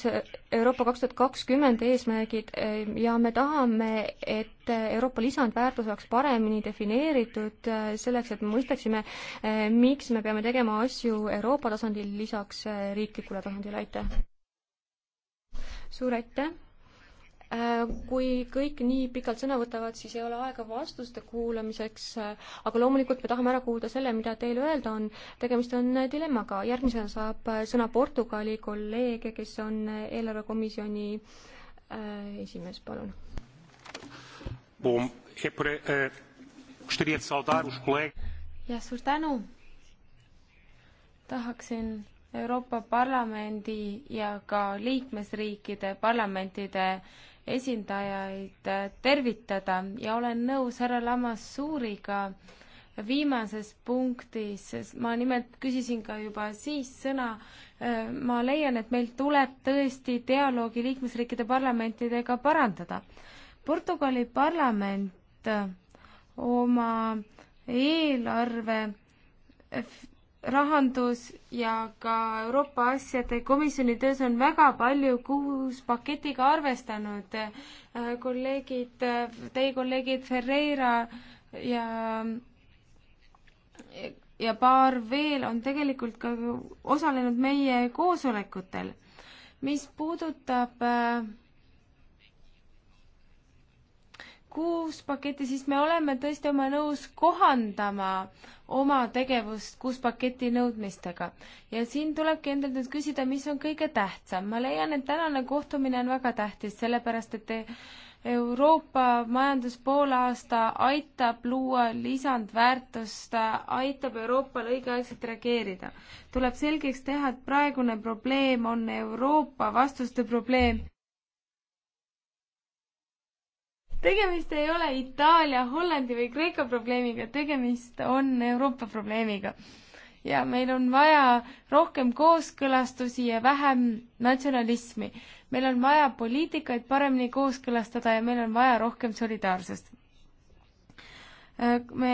Euroopa kaks tuhat kakskümmend eesmärgid äh, ja me tahame, et Euroopa lisandväärtus oleks paremini defineeritud äh, selleks, et me mõistaksime, miks me peame tegema asju Euroopa tasandil lisaks riiklikule tasandile, aitäh! suur aitäh! Äh, kui kõik nii pikalt sõna võtavad, siis ei ole aega vastuste kuulamiseks, äh, aga loomulikult me tahame ära kuulda selle, mida teil öelda on. tegemist on äh, dilemmaga, järgmisena saab sõna Portugali kolleeg, kes on eelarvekomisjoni esimees, palun. Eh, jah, suur tänu. tahaksin Euroopa Parlamendi ja ka liikmesriikide parlamentide esindajaid äh, tervitada ja olen nõus härra Lamassuuriga viimases punktis, ma nimelt küsisin ka juba siis sõna, äh, ma leian, et meil tuleb tõesti dialoogi liikmesriikide parlamentidega parandada. Portugali parlament äh, oma eelarve rahandus ja ka Euroopa asjade komisjoni töös on väga palju kuus paketiga arvestanud. Äh, kolleegid, äh, teie kolleegid Ferreira ja ja paar veel on tegelikult ka osalenud meie koosolekutel. mis puudutab äh, kuus paketi, siis me oleme tõesti oma nõus kohandama oma tegevust kuus paketi nõudmistega. ja siin tulebki endalt nüüd küsida, mis on kõige tähtsam. ma leian, et tänane kohtumine on väga tähtis, sellepärast et Euroopa majandus poolaasta aitab luua lisandväärtust, aitab Euroopal õigeaegselt reageerida. tuleb selgeks teha, et praegune probleem on Euroopa vastuste probleem tegemist ei ole Itaalia, Hollandi või Kreeka probleemiga, tegemist on Euroopa probleemiga. ja meil on vaja rohkem kooskõlastusi ja vähem natsionalismi. meil on vaja poliitikaid paremini kooskõlastada ja meil on vaja rohkem solidaarsust. me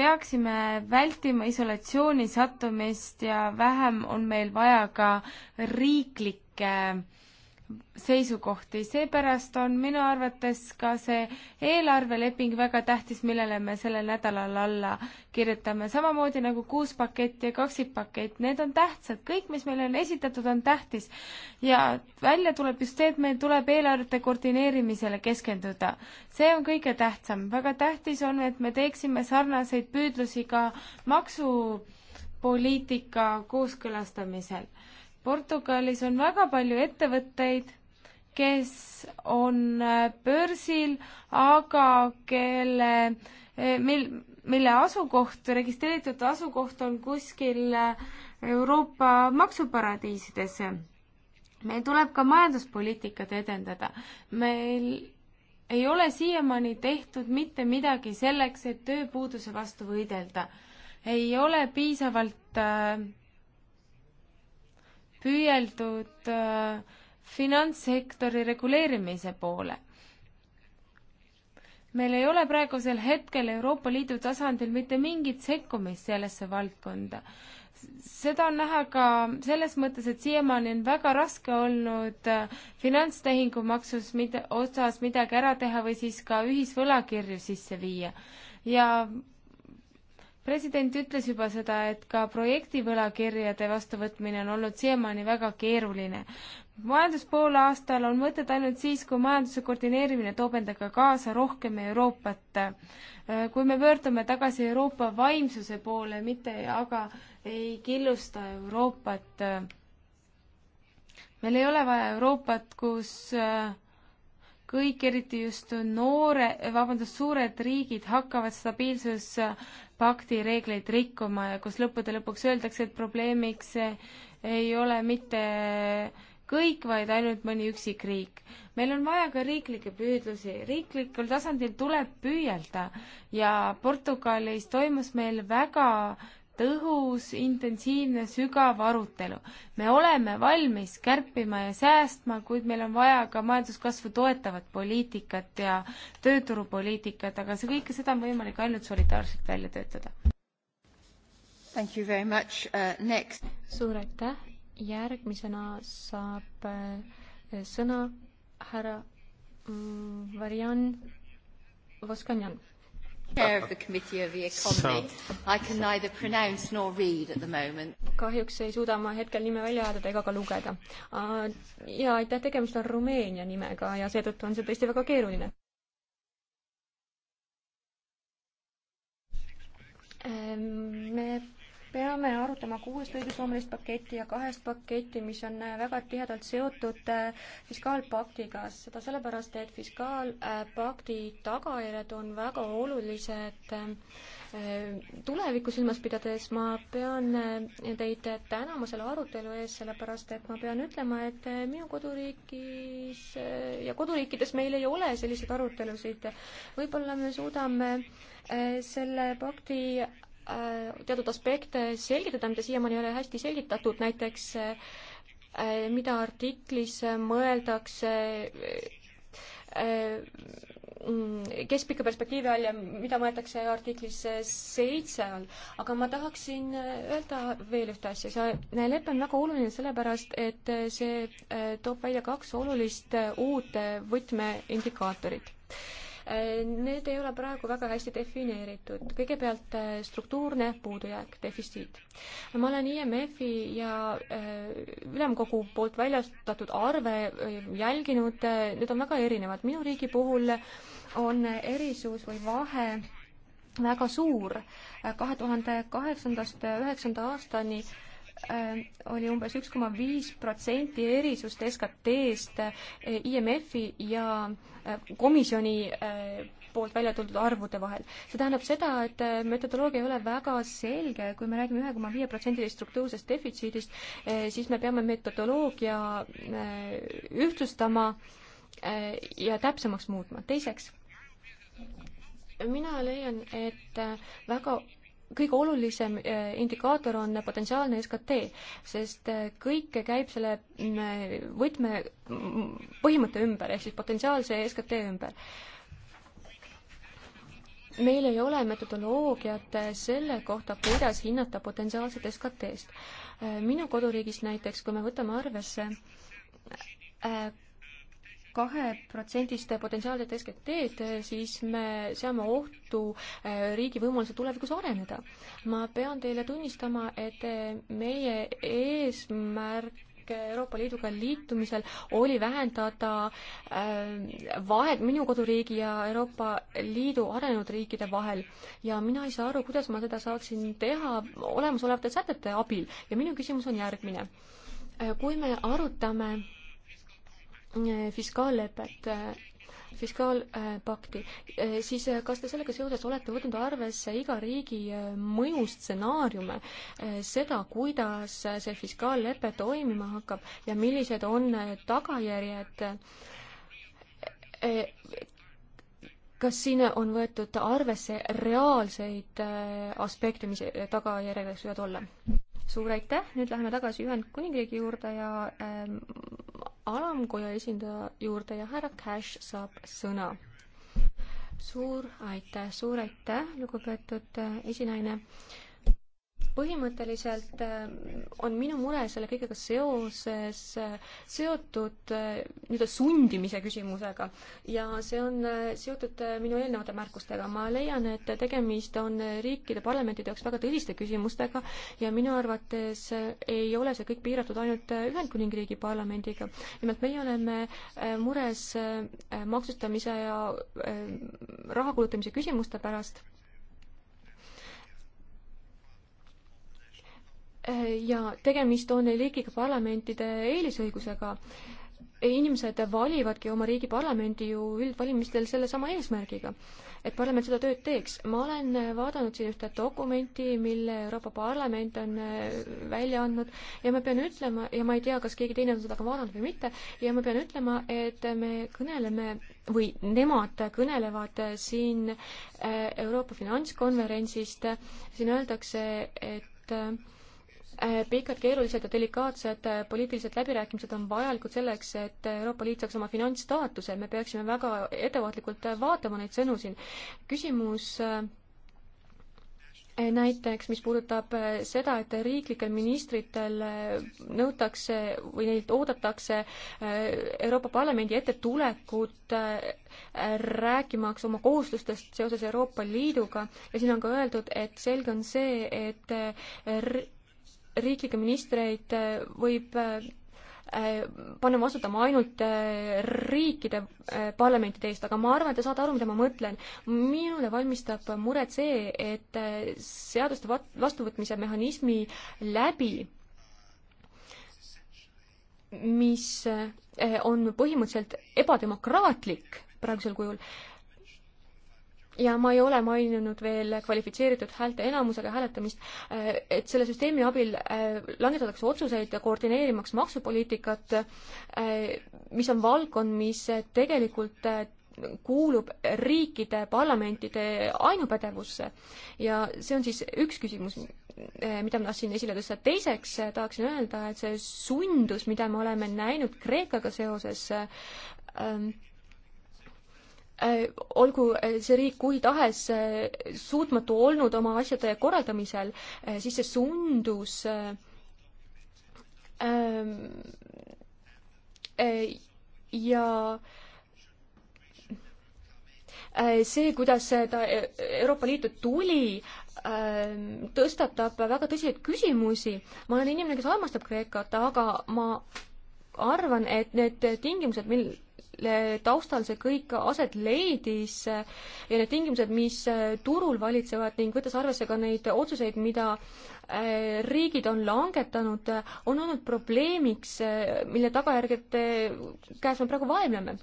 peaksime vältima isolatsiooni sattumist ja vähem on meil vaja ka riiklikke äh, seisukohti, seepärast on minu arvates ka see eelarveleping väga tähtis, millele me sellel nädalal alla kirjutame, samamoodi nagu kuus pakett ja kaksikpakett, need on tähtsad, kõik, mis meile on esitatud, on tähtis. ja välja tuleb just see, et meil tuleb eelarvete koordineerimisele keskenduda. see on kõige tähtsam, väga tähtis on, et me teeksime sarnaseid püüdlusi ka maksupoliitika kooskõlastamisel Portugalis on väga palju ettevõtteid, kes on äh, börsil, aga kelle, äh, mil, mille asukoht, registreeritud asukoht on kuskil äh, Euroopa maksuparadiisides. meil tuleb ka majanduspoliitikat edendada. meil ei ole siiamaani tehtud mitte midagi selleks, et tööpuuduse vastu võidelda. ei ole piisavalt äh, püüeldud äh, finantssektori reguleerimise poole. meil ei ole praegusel hetkel Euroopa Liidu tasandil mitte mingit sekkumist sellesse valdkonda. seda on näha ka selles mõttes, et siiamaani on väga raske olnud äh, finantstehingu maksus mida, osas midagi ära teha või siis ka ühisvõlakirju sisse viia ja president ütles juba seda, et ka projektivõlakirjade vastuvõtmine on olnud siiamaani väga keeruline. majanduspoolaastal on mõtet ainult siis, kui majanduse koordineerimine toob endaga kaasa rohkem Euroopat. kui me pöördume tagasi Euroopa vaimsuse poole, mitte aga ei killusta Euroopat. meil ei ole vaja Euroopat, kus kõik, eriti just noore, vabandust, suured riigid hakkavad stabiilsus pakti reegleid rikkuma ja kus lõppude lõpuks öeldakse, et probleemiks ei ole mitte kõik, vaid ainult mõni üksik riik. meil on vaja ka riiklikke püüdlusi, riiklikul tasandil tuleb püüelda ja Portugalis toimus meil väga tõhus, intensiivne, sügav arutelu. me oleme valmis kärpima ja säästma, kuid meil on vaja ka majanduskasvu toetavat poliitikat ja tööturupoliitikat, aga see kõike seda on võimalik ainult solidaarselt välja töötada. Thank you very much uh,, next. suur aitäh, järgmisena saab uh, sõna härra mm, Varjan Voskanjan chair uh, of the Committee of the Economy. I can neither pronounce nor read at the moment. kahjuks ei suuda ma hetkel nime välja hääldada ega ka lugeda. Uh, ja aitäh, tegemist on Rumeenia nimega ja seetõttu on see tõesti väga keeruline. Um, me peame arutama kuuest õigusloomelist paketti ja kahest paketti, mis on äh, väga tihedalt seotud äh, fiskaalpaktiga, seda sellepärast, et fiskaalpakti tagajärjed on väga olulised äh, tulevikku silmas pidades. ma pean teid tänama selle arutelu eest, sellepärast et ma pean ütlema, et minu koduriigis ja koduriikides meil ei ole selliseid arutelusid. võib-olla me suudame selle pakti Äh, teatud aspekte selgitada, mida siiamaani ei ole hästi selgitatud, näiteks äh, mida artiklis mõeldakse äh, mm, keskpika perspektiivi all ja mida mõeldakse artiklis seitse all. aga ma tahaksin öelda veel ühte asja, see lepe on väga oluline sellepärast, et see toob välja kaks olulist uut võtmeindikaatorit. Need ei ole praegu väga hästi defineeritud. kõigepealt äh, struktuurne puudujääk, defitsiit. ma olen IMF-i ja äh, ülemkogu poolt väljastatud arve äh, jälginud, need on väga erinevad. minu riigi puhul on erisus või vahe väga suur. kahe tuhande kaheksandast üheksanda aastani oli umbes üks koma viis protsenti erisust SKT-st IMF-i ja komisjoni äh, poolt välja tuldud arvude vahel. see tähendab seda, et äh, metodoloogia ei ole väga selge, kui me räägime ühe koma viie protsendilist struktuursest defitsiidist, äh, siis me peame metodoloogia ühtlustama ja täpsemaks muutma. teiseks, mina leian, et väga kõige olulisem eh, indikaator on potentsiaalne SKT, sest eh, kõik käib selle mm, eh, võtme mm, põhimõtte ümber, ehk siis potentsiaalse SKT ümber. meil ei ole metodoloogiat selle kohta, kuidas hinnata potentsiaalset SKT-st. minu koduriigis näiteks, kui me võtame arvesse kaheprotsendist potentsiaalset SKT-d, siis me seame ohtu äh, riigi võimaluse tulevikus areneda. ma pean teile tunnistama, et äh, meie eesmärk Euroopa Liiduga liitumisel oli vähendada äh, vahet minu koduriigi ja Euroopa Liidu arenenud riikide vahel ja mina ei saa aru, kuidas ma seda saaksin teha olemasolevate sätete abil ja minu küsimus on järgmine. kui me arutame Äh, fiskaallepet, äh, fiskaalpakti, äh, siis kas te sellega seoses olete võtnud arvesse iga riigi mõjustsenaariume, seda, kuidas see fiskaallepe toimima hakkab ja millised on tagajärjed? kas siin on võetud arvesse reaalseid aspekte, mis tagajärjeks võivad olla? suur aitäh, nüüd läheme tagasi Ühendkuningriigi juurde ja ähm, alamkoja esindaja juurde ja härra Cash saab sõna. suur aitäh, suur aitäh, lugupeetud äh, esinaine põhimõtteliselt äh, on minu mure selle kõigega seoses äh, seotud äh, nii-öelda sundimise küsimusega ja see on seotud minu eelnevate märkustega. ma leian, et tegemist on riikide parlamentide jaoks väga tõsiste küsimustega ja minu arvates ei ole see kõik piiratud ainult Ühendkuningriigi parlamendiga. nimelt meie oleme mures maksustamise ja raha kulutamise küsimuste pärast ja tegemist on riiklike parlamentide eelisõigusega. inimesed valivadki oma riigi parlamendi ju üldvalimistel sellesama eesmärgiga, et parlament seda tööd teeks. ma olen vaadanud siin ühte dokumenti, mille Euroopa Parlament on äh, välja andnud ja ma pean ütlema, ja ma ei tea, kas keegi teine on seda ka vaadanud või mitte, ja ma pean ütlema, et me kõneleme või nemad kõnelevad siin äh, Euroopa finantskonverentsist, siin öeldakse, et äh, Äh, pikad, keerulised ja delikaatsed äh, poliitilised läbirääkimised on vajalikud selleks, et Euroopa Liit saaks oma finantsstaatuse, me peaksime väga ettevaatlikult äh, vaatama neid sõnu siin. küsimus näiteks, mis puudutab seda, et riiklikel ministritel nõutakse või neilt oodatakse Euroopa Parlamendi ette tulekut rääkimaks oma kohustustest seoses Euroopa Liiduga ja siin on ka öeldud, et selge on see, et riiklikke ministreid eh, võib eh, panna vastutama ainult eh, riikide parlamentide eest, aga ma arvan, et te saate aru, mida ma mõtlen. minule valmistab muret see, et seaduste vastuvõtmise mehhanismi läbi, mis on põhimõtteliselt ebademokraatlik praegusel kujul, ja ma ei ole maininud veel kvalifitseeritud häälteenamusega hääletamist, äh, et selle süsteemi abil äh, langetatakse otsuseid koordineerimaks maksupoliitikat, äh, mis on valdkond, mis tegelikult kuulub riikide parlamentide ainupädevusse. ja see on siis üks küsimus, mida ma tahtsin esile tõsta. teiseks tahaksin öelda, et see sundus, mida me oleme näinud Kreekaga seoses ähm,, Äh, olgu äh, see riik kui tahes äh, suutmatu olnud oma asjade korraldamisel, siis see sundus ähm, ja see, kuidas ta e-, Euroopa Liitu tuli, ähm, tõstatab väga tõsiseid küsimusi. ma olen inimene, kes armastab Kreekat, aga ma arvan, et need tingimused, mil taustal see kõik aset leidis ja need tingimused, mis äh, turul valitsevad ning võttes arvesse ka neid otsuseid, mida äh, riigid on langetanud, on olnud probleemiks, äh, mille tagajärgede käes me praegu vaevleme.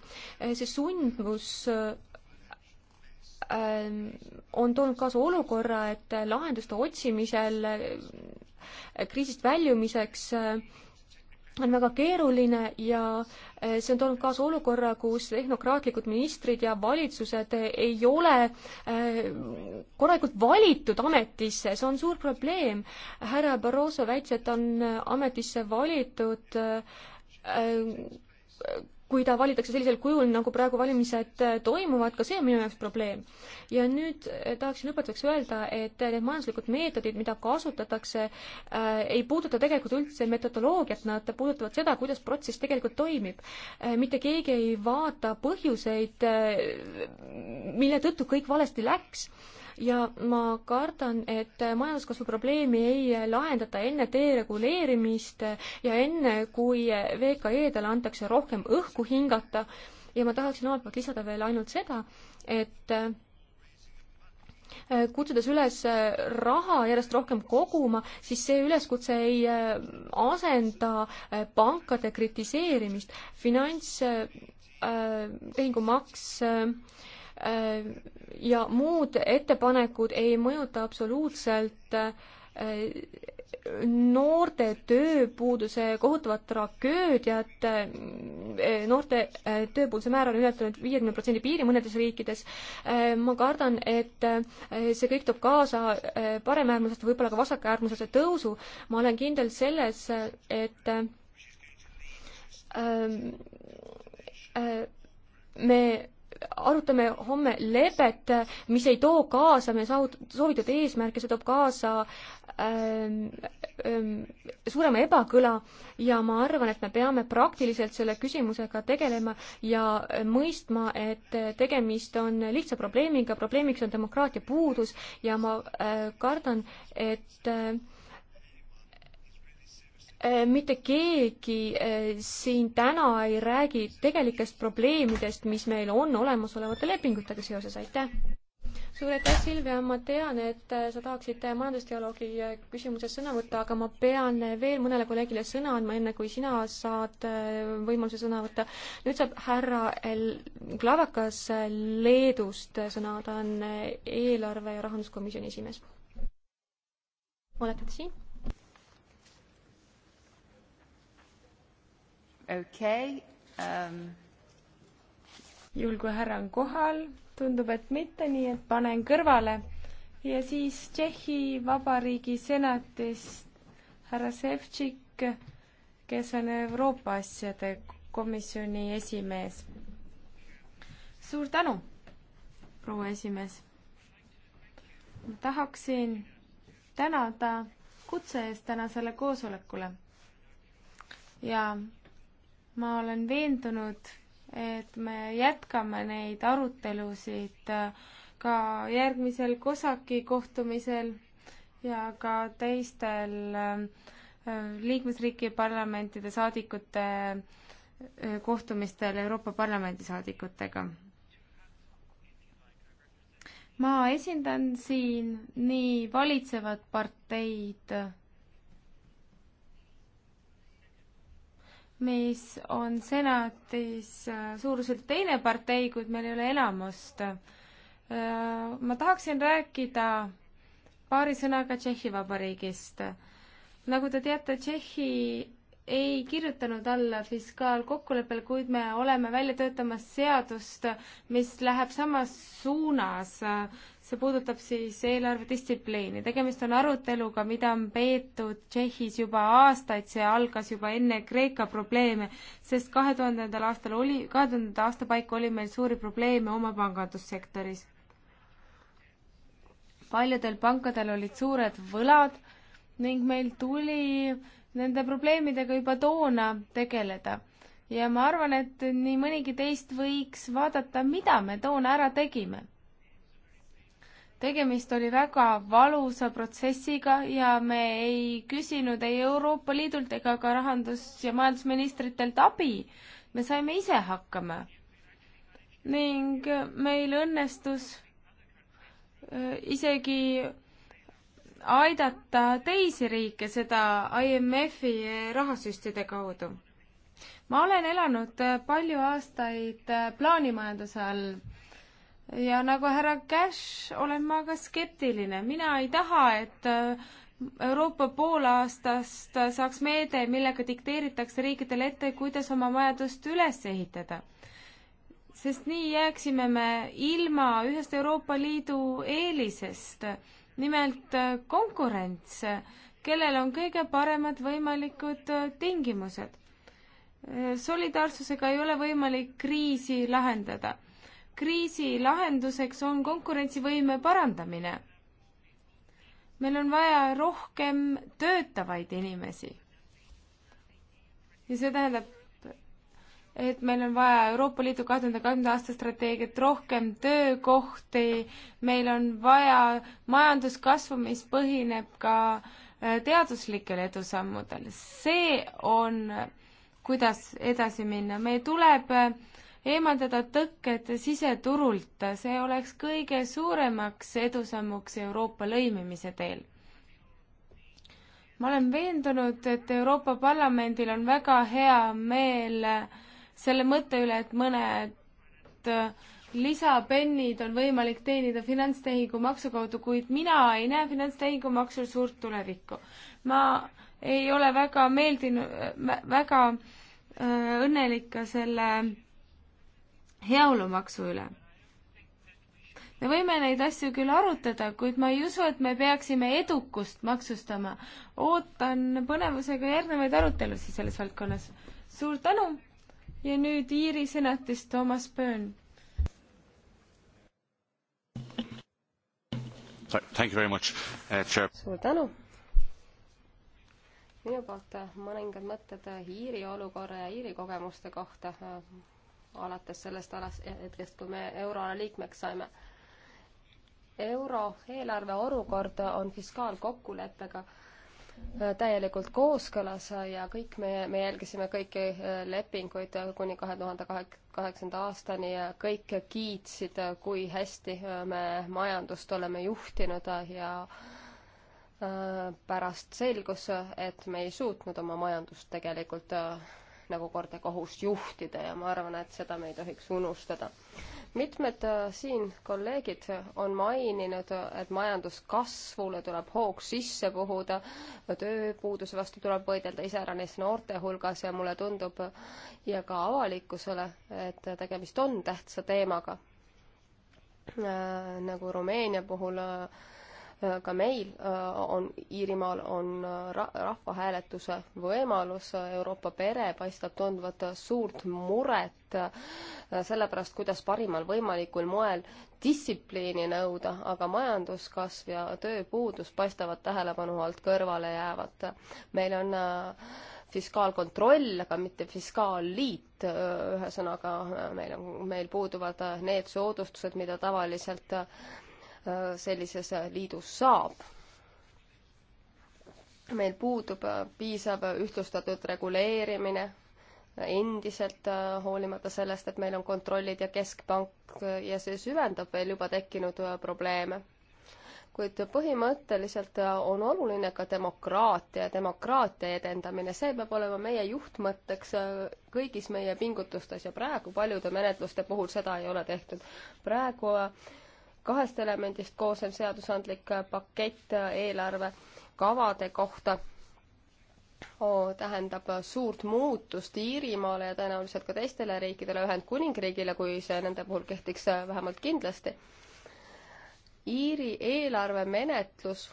see sundmus ähm, on toonud kaasa olukorra, et lahenduste otsimisel kriisist väljumiseks on väga keeruline ja eh, see on toonud kaasa olukorra, kus tehnokraatlikud ministrid ja valitsused ei ole eh, korralikult valitud ametisse, see on suur probleem. härra Barroso väitis, et ta on ametisse valitud eh, kui ta valitakse sellisel kujul, nagu praegu valimised äh, toimuvad, ka see on minu jaoks probleem. ja nüüd äh, tahaksin lõpetuseks öelda, et äh, need majanduslikud meetodid, mida kasutatakse äh,, ei puuduta tegelikult üldse metodoloogiat, nad puudutavad seda, kuidas protsess tegelikult toimib äh,. mitte keegi ei vaata põhjuseid äh,, mille tõttu kõik valesti läks äh, ja ma kardan, et majanduskasvu probleemi ei lahendata enne dereguleerimist ja enne, kui VKE-dele antakse rohkem õhku hingata ja ma tahaksin omalt poolt lisada veel ainult seda, et äh, kutsudes üles äh, raha järjest rohkem koguma, siis see üleskutse ei äh, asenda pankade kritiseerimist. finantstehingu maks äh, Äh, ja muud ettepanekud ei mõjuta absoluutselt äh, noorte tööpuuduse kohutavat tragöödiat, äh, noorte tööpuuduse määr on ületanud viiekümne protsendi piiri mõnedes riikides, ma kardan, et see kõik toob kaasa paremäärmuslaste, võib-olla ka vasakäärmuslaste tõusu, ma olen kindel selles, et ähm, me arutame homme lepet, mis ei too kaasa meie saavut-, soovitud eesmärke, see toob kaasa ähm, ähm, suurema ebakõla ja ma arvan, et me peame praktiliselt selle küsimusega tegelema ja mõistma, et tegemist on lihtsa probleemiga, probleemiks on demokraatia puudus ja ma äh, kardan, et äh, Äh, mitte keegi äh, siin täna ei räägi tegelikest probleemidest, mis meil on olemasolevate lepingutega seoses, aitäh! suur aitäh, Silvia, ma tean, et äh, sa tahaksid majandusdialoogi küsimuses sõna võtta, aga ma pean veel mõnele kolleegile sõna andma, enne kui sina saad võimaluse sõna võtta. nüüd saab härra Klavakas Leedust sõna, ta on eelarve- ja rahanduskomisjoni esimees. olete te siin? okei okay, um.... juhul, kui härra on kohal, tundub, et mitte, nii et panen kõrvale ja siis Tšehhi Vabariigi senatist härra Sevtšik, kes on Euroopa asjade komisjoni esimees. suur tänu, proua esimees. ma tahaksin tänada kutse eest tänasele koosolekule ja ma olen veendunud, et me jätkame neid arutelusid äh, ka järgmisel COSAC-i kohtumisel ja ka teistel äh, äh, liikmesriikide parlamentide saadikute kohtumistel Euroopa Parlamendi saadikutega. ma esindan siin nii valitsevat parteid mis on senatis äh, suuruselt teine partei, kuid meil ei ole enamust. Äh, ma tahaksin rääkida paari sõnaga Tšehhi Vabariigist. nagu te teate, Tšehhi ei kirjutanud alla fiskaalkokkuleppele, kuid me oleme välja töötamas seadust, mis läheb samas suunas see puudutab siis eelarvedistsipliini. tegemist on aruteluga, mida on peetud Tšehhis juba aastaid, see algas juba enne Kreeka probleeme, sest kahe tuhandendal aastal oli, kahe tuhandenda aasta paiku oli meil suuri probleeme oma pangandussektoris. paljudel pankadel olid suured võlad ning meil tuli nende probleemidega juba toona tegeleda ja ma arvan, et nii mõnigi teist võiks vaadata, mida me toona ära tegime tegemist oli väga valusa protsessiga ja me ei küsinud ei Euroopa Liidult ega ka rahandus- ja majandusministritelt abi. me saime ise hakkama. ning meil õnnestus äh, isegi aidata teisi riike seda IMF-i rahasüstide kaudu. ma olen elanud äh, palju aastaid äh, plaanimajanduse all ja nagu härra Cash olen ma ka skeptiline, mina ei taha, et äh, Euroopa poolaastast äh, saaks meede, millega dikteeritakse riikidele ette, kuidas oma majandust üles ehitada. sest nii jääksime me ilma ühest Euroopa Liidu eelisest, nimelt äh, konkurents, kellel on kõige paremad võimalikud tingimused. solidaarsusega ei ole võimalik kriisi lahendada kriisi lahenduseks on konkurentsivõime parandamine. meil on vaja rohkem töötavaid inimesi. ja see tähendab, et meil on vaja Euroopa Liidu kahe tuhande kahekümnenda aasta strateegiat, rohkem töökohti, meil on vaja majanduskasvu, mis põhineb ka äh, teaduslikel edusammudel. see on, kuidas edasi minna, meil tuleb äh, eemaldada tõkked siseturult, see oleks kõige suuremaks edusammuks Euroopa lõimimise teel. ma olen veendunud, et Euroopa Parlamendil on väga hea meel selle mõtte üle, et mõned lisapennid on võimalik teenida finantstehingu maksu kaudu, kuid mina ei näe finantstehingu maksul suurt tulevikku. ma ei ole väga meeldinud, väga äh, õnnelik ka selle heaolumaksu üle. me võime neid asju küll arutada, kuid ma ei usu, et me peaksime edukust maksustama. ootan põnevusega järgnevaid arutelusid selles valdkonnas. suur tänu ja nüüd Iiri senatist Toomas Pöön. Uh, suur tänu minu poolt mõningad mõtted Iiri olukorra ja Iiri kogemuste kohta alates sellest alas-, hetkest, kui me euroala liikmeks saime. euro eelarve olukord on fiskaalkokkuleppega äh, täielikult kooskõlas ja kõik me, me jälgisime kõiki äh, lepinguid äh, kuni kahe tuhande kaheksanda aastani ja kõik kiitsid, kui hästi me majandust oleme juhtinud ja pärast selgus, et me ei suutnud oma majandust tegelikult nagu kord ja kohus juhtida ja ma arvan, et seda me ei tohiks unustada. mitmed äh, siin kolleegid on maininud, et majanduskasvule tuleb hoog sisse puhuda, tööpuuduse vastu tuleb võidelda iseäranis noorte hulgas ja mulle tundub ja ka avalikkusele, et tegemist on tähtsa teemaga. Äh, nagu Rumeenia puhul äh, ka meil äh, on, Iirimaal on äh, ra-, rahvahääletuse võimalus, Euroopa pere paistab tundvat suurt muret äh, selle pärast, kuidas parimal võimalikul moel distsipliini nõuda, aga majanduskasv ja tööpuudus paistavad tähelepanu alt kõrvale jäävat. meil on fiskaalkontroll, aga mitte fiskaalliit, ühesõnaga meil on, meil puuduvad need soodustused, mida tavaliselt äh, sellises liidus saab. meil puudub piisav ühtlustatud reguleerimine endiselt, äh, hoolimata sellest, et meil on kontrollid ja keskpank äh, ja see süvendab veel juba tekkinud äh, probleeme kuid põhimõtteliselt on oluline ka demokraatia, demokraatia edendamine, see peab olema meie juhtmõtteks kõigis meie pingutustes ja praegu paljude menetluste puhul seda ei ole tehtud. praegu kahest elemendist koosnev seadusandlik pakett eelarvekavade kohta oh, tähendab suurt muutust Iirimaale ja tõenäoliselt ka teistele riikidele, Ühendkuningriigile, kui see nende puhul kehtiks vähemalt kindlasti. Iiri eelarvemenetlus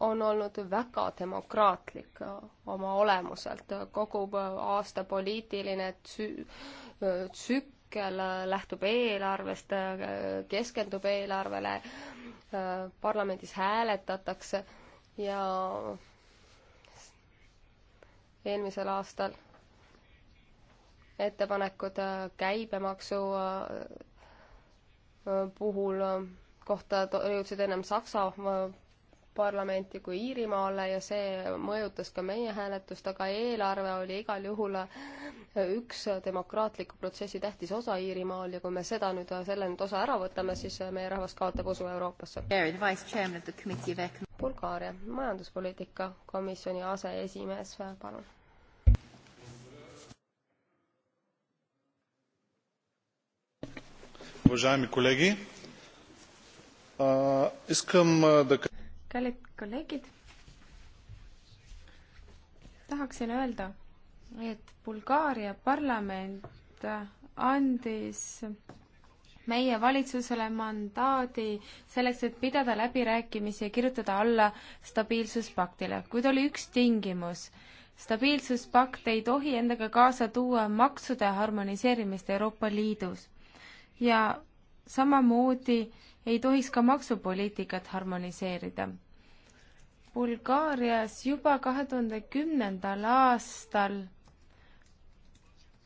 on olnud väga demokraatlik oma olemuselt, kogu aasta poliitiline tsü-, tsük-, artikkel äh, lähtub eelarvest, äh, keskendub eelarvele, äh, parlamendis hääletatakse ja eelmisel aastal ettepanekud käibemaksu puhul kohta jõudsid ennem Saksa parlamenti kui Iirimaale ja see mõjutas ka meie hääletust, aga eelarve oli igal juhul äh, üks demokraatliku protsessi tähtis osa Iirimaal ja kui me seda nüüd, äh, selle nüüd osa ära võtame, siis äh, meie rahvas kaotab usu Euroopasse. Bulgaaria majanduspoliitika komisjoni aseesimees, palun уважаеми колеги! Искам да kallid kolleegid, tahaksin öelda, et Bulgaaria parlament andis meie valitsusele mandaadi selleks, et pidada läbirääkimisi ja kirjutada alla stabiilsuspaktile, kuid oli üks tingimus. stabiilsuspakt ei tohi endaga kaasa tuua maksude harmoniseerimist Euroopa Liidus ja samamoodi äh, ei tohiks ka maksupoliitikat harmoniseerida. Bulgaarias juba kahe tuhande kümnendal aastal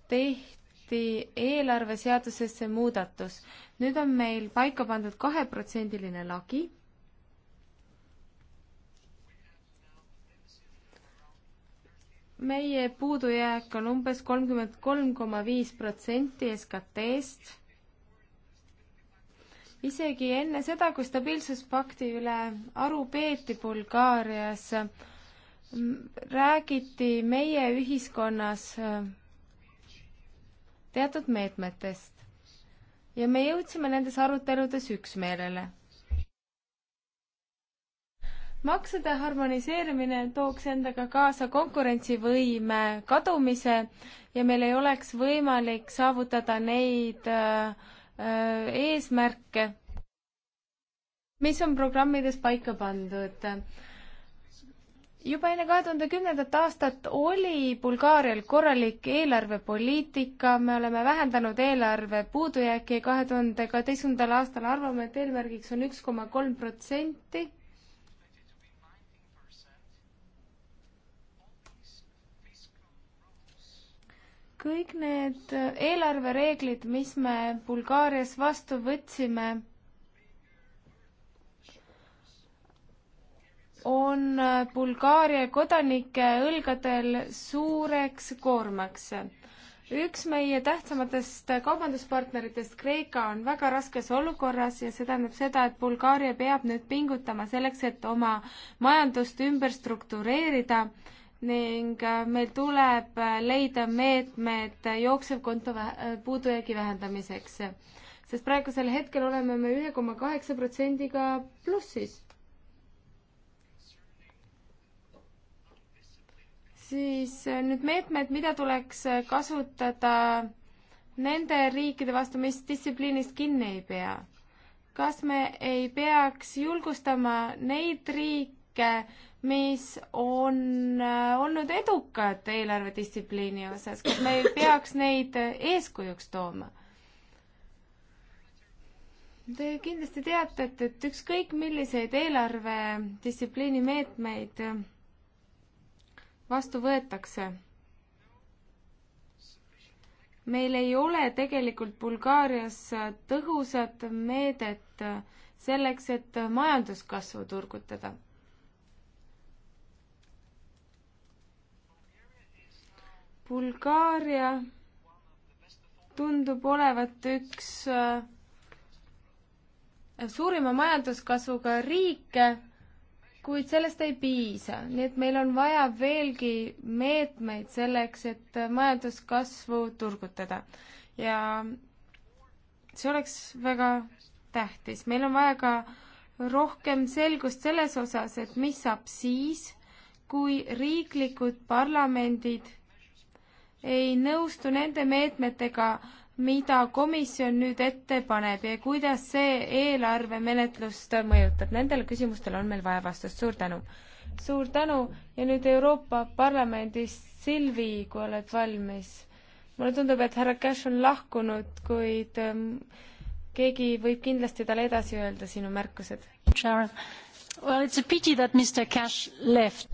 tehti eelarveseadusesse muudatus. nüüd on meil paika pandud kaheprotsendiline lagi. meie puudujääk on umbes kolmkümmend kolm koma viis protsenti SKT-st isegi enne seda, kui stabiilsuspakti üle aru peeti Bulgaarias, räägiti meie ühiskonnas äh, teatud meetmetest ja me jõudsime nendes aruteludes üksmeelele. maksude harmoniseerimine tooks endaga kaasa konkurentsivõime kadumise ja meil ei oleks võimalik saavutada neid äh, Äh, eesmärke, mis on programmides paika pandud. juba enne kahe tuhande kümnendat aastat oli Bulgaarial korralik eelarvepoliitika, me oleme vähendanud eelarve puudujääki kahe tuhande kaheteistkümnendal aastal arvame, et eelmärgiks on üks koma kolm protsenti kõik need äh, eelarvereeglid, mis me Bulgaarias vastu võtsime, on äh, Bulgaaria kodanike õlgadel suureks koormaks. üks meie tähtsamatest äh, kaubanduspartneritest, Kreeka, on väga raskes olukorras ja see tähendab seda, et Bulgaaria peab nüüd pingutama selleks, et oma majandust ümber struktureerida ning äh, meil tuleb äh, leida meetmed jooksevkonto äh, puudujäägi vähendamiseks, sest praegusel hetkel oleme me ühe koma kaheksa protsendiga plussis. siis nüüd meetmed, mida tuleks kasutada nende riikide vastu, mis distsipliinist kinni ei pea. kas me ei peaks julgustama neid riike, mis on äh, olnud edukad eelarvedistsipliini osas, kas me ei peaks neid eeskujuks tooma? Te kindlasti teate, et, et ükskõik milliseid eelarvedistsipliini meetmeid äh, vastu võetakse, meil ei ole tegelikult Bulgaarias tõhusat meedet selleks, et majanduskasvu turgutada Bulgaaria tundub olevat üks äh, suurima majanduskasvuga riike, kuid sellest ei piisa, nii et meil on vaja veelgi meetmeid selleks, et majanduskasvu turgutada. ja see oleks väga tähtis, meil on vaja ka rohkem selgust selles osas, et mis saab siis, kui riiklikud parlamendid ei nõustu nende meetmetega, mida komisjon nüüd ette paneb ja kuidas see eelarvemenetlust mõjutab? Nendele küsimustele on meil vaja vastust, suur tänu! suur tänu ja nüüd Euroopa Parlamendis, Silvi, kui oled valmis. mulle tundub, et härra Cash on lahkunud, kuid ähm, keegi võib kindlasti talle edasi öelda sinu märkused. Well, it's a pity that Mr Cash left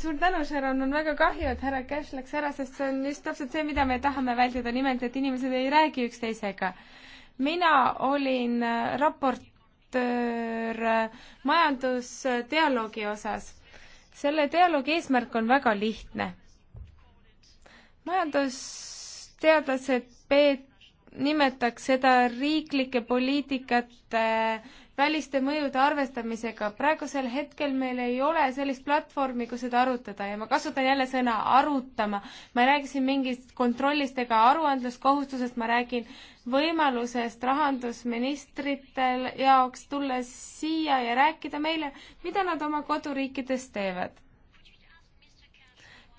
suur tänu, Sharon, on väga kahju, et härra Cash läks ära, sest see on just täpselt see, mida me tahame vältida, nimelt et inimesed ei räägi üksteisega. mina olin äh, raportöör äh, majandusdialoogi osas. selle dialoogi eesmärk on väga lihtne. majandusteadlased peet-, nimetaks seda riiklike poliitikate väliste mõjude arvestamisega. praegusel hetkel meil ei ole sellist platvormi, kus seda arutada ja ma kasutan jälle sõna arutama. ma ei räägi siin mingist kontrollist ega aruandluskohustusest, ma räägin võimalusest rahandusministritel jaoks tulla siia ja rääkida meile, mida nad oma koduriikides teevad.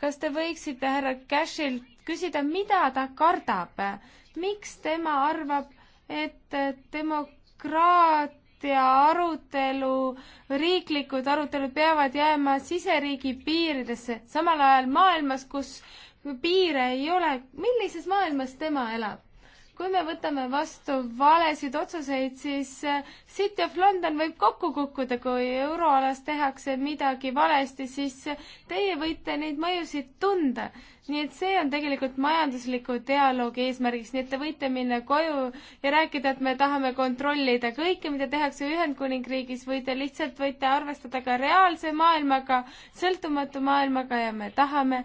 kas te võiksite härra Cashilt küsida, mida ta kardab, miks tema arvab, et demokraat ja arutelu, riiklikud arutelud peavad jääma siseriigi piiridesse, samal ajal maailmas, kus piire ei ole, millises maailmas tema elab? kui me võtame vastu valesid otsuseid, siis eh, City of London võib kokku kukkuda, kui euroalas tehakse midagi valesti, siis eh, teie võite neid mõjusid tunda nii et see on tegelikult majandusliku dialoogi eesmärgiks, nii et te võite minna koju ja rääkida, et me tahame kontrollida kõike, mida tehakse Ühendkuningriigis või te lihtsalt võite arvestada ka reaalse maailmaga, sõltumatu maailmaga ja me tahame,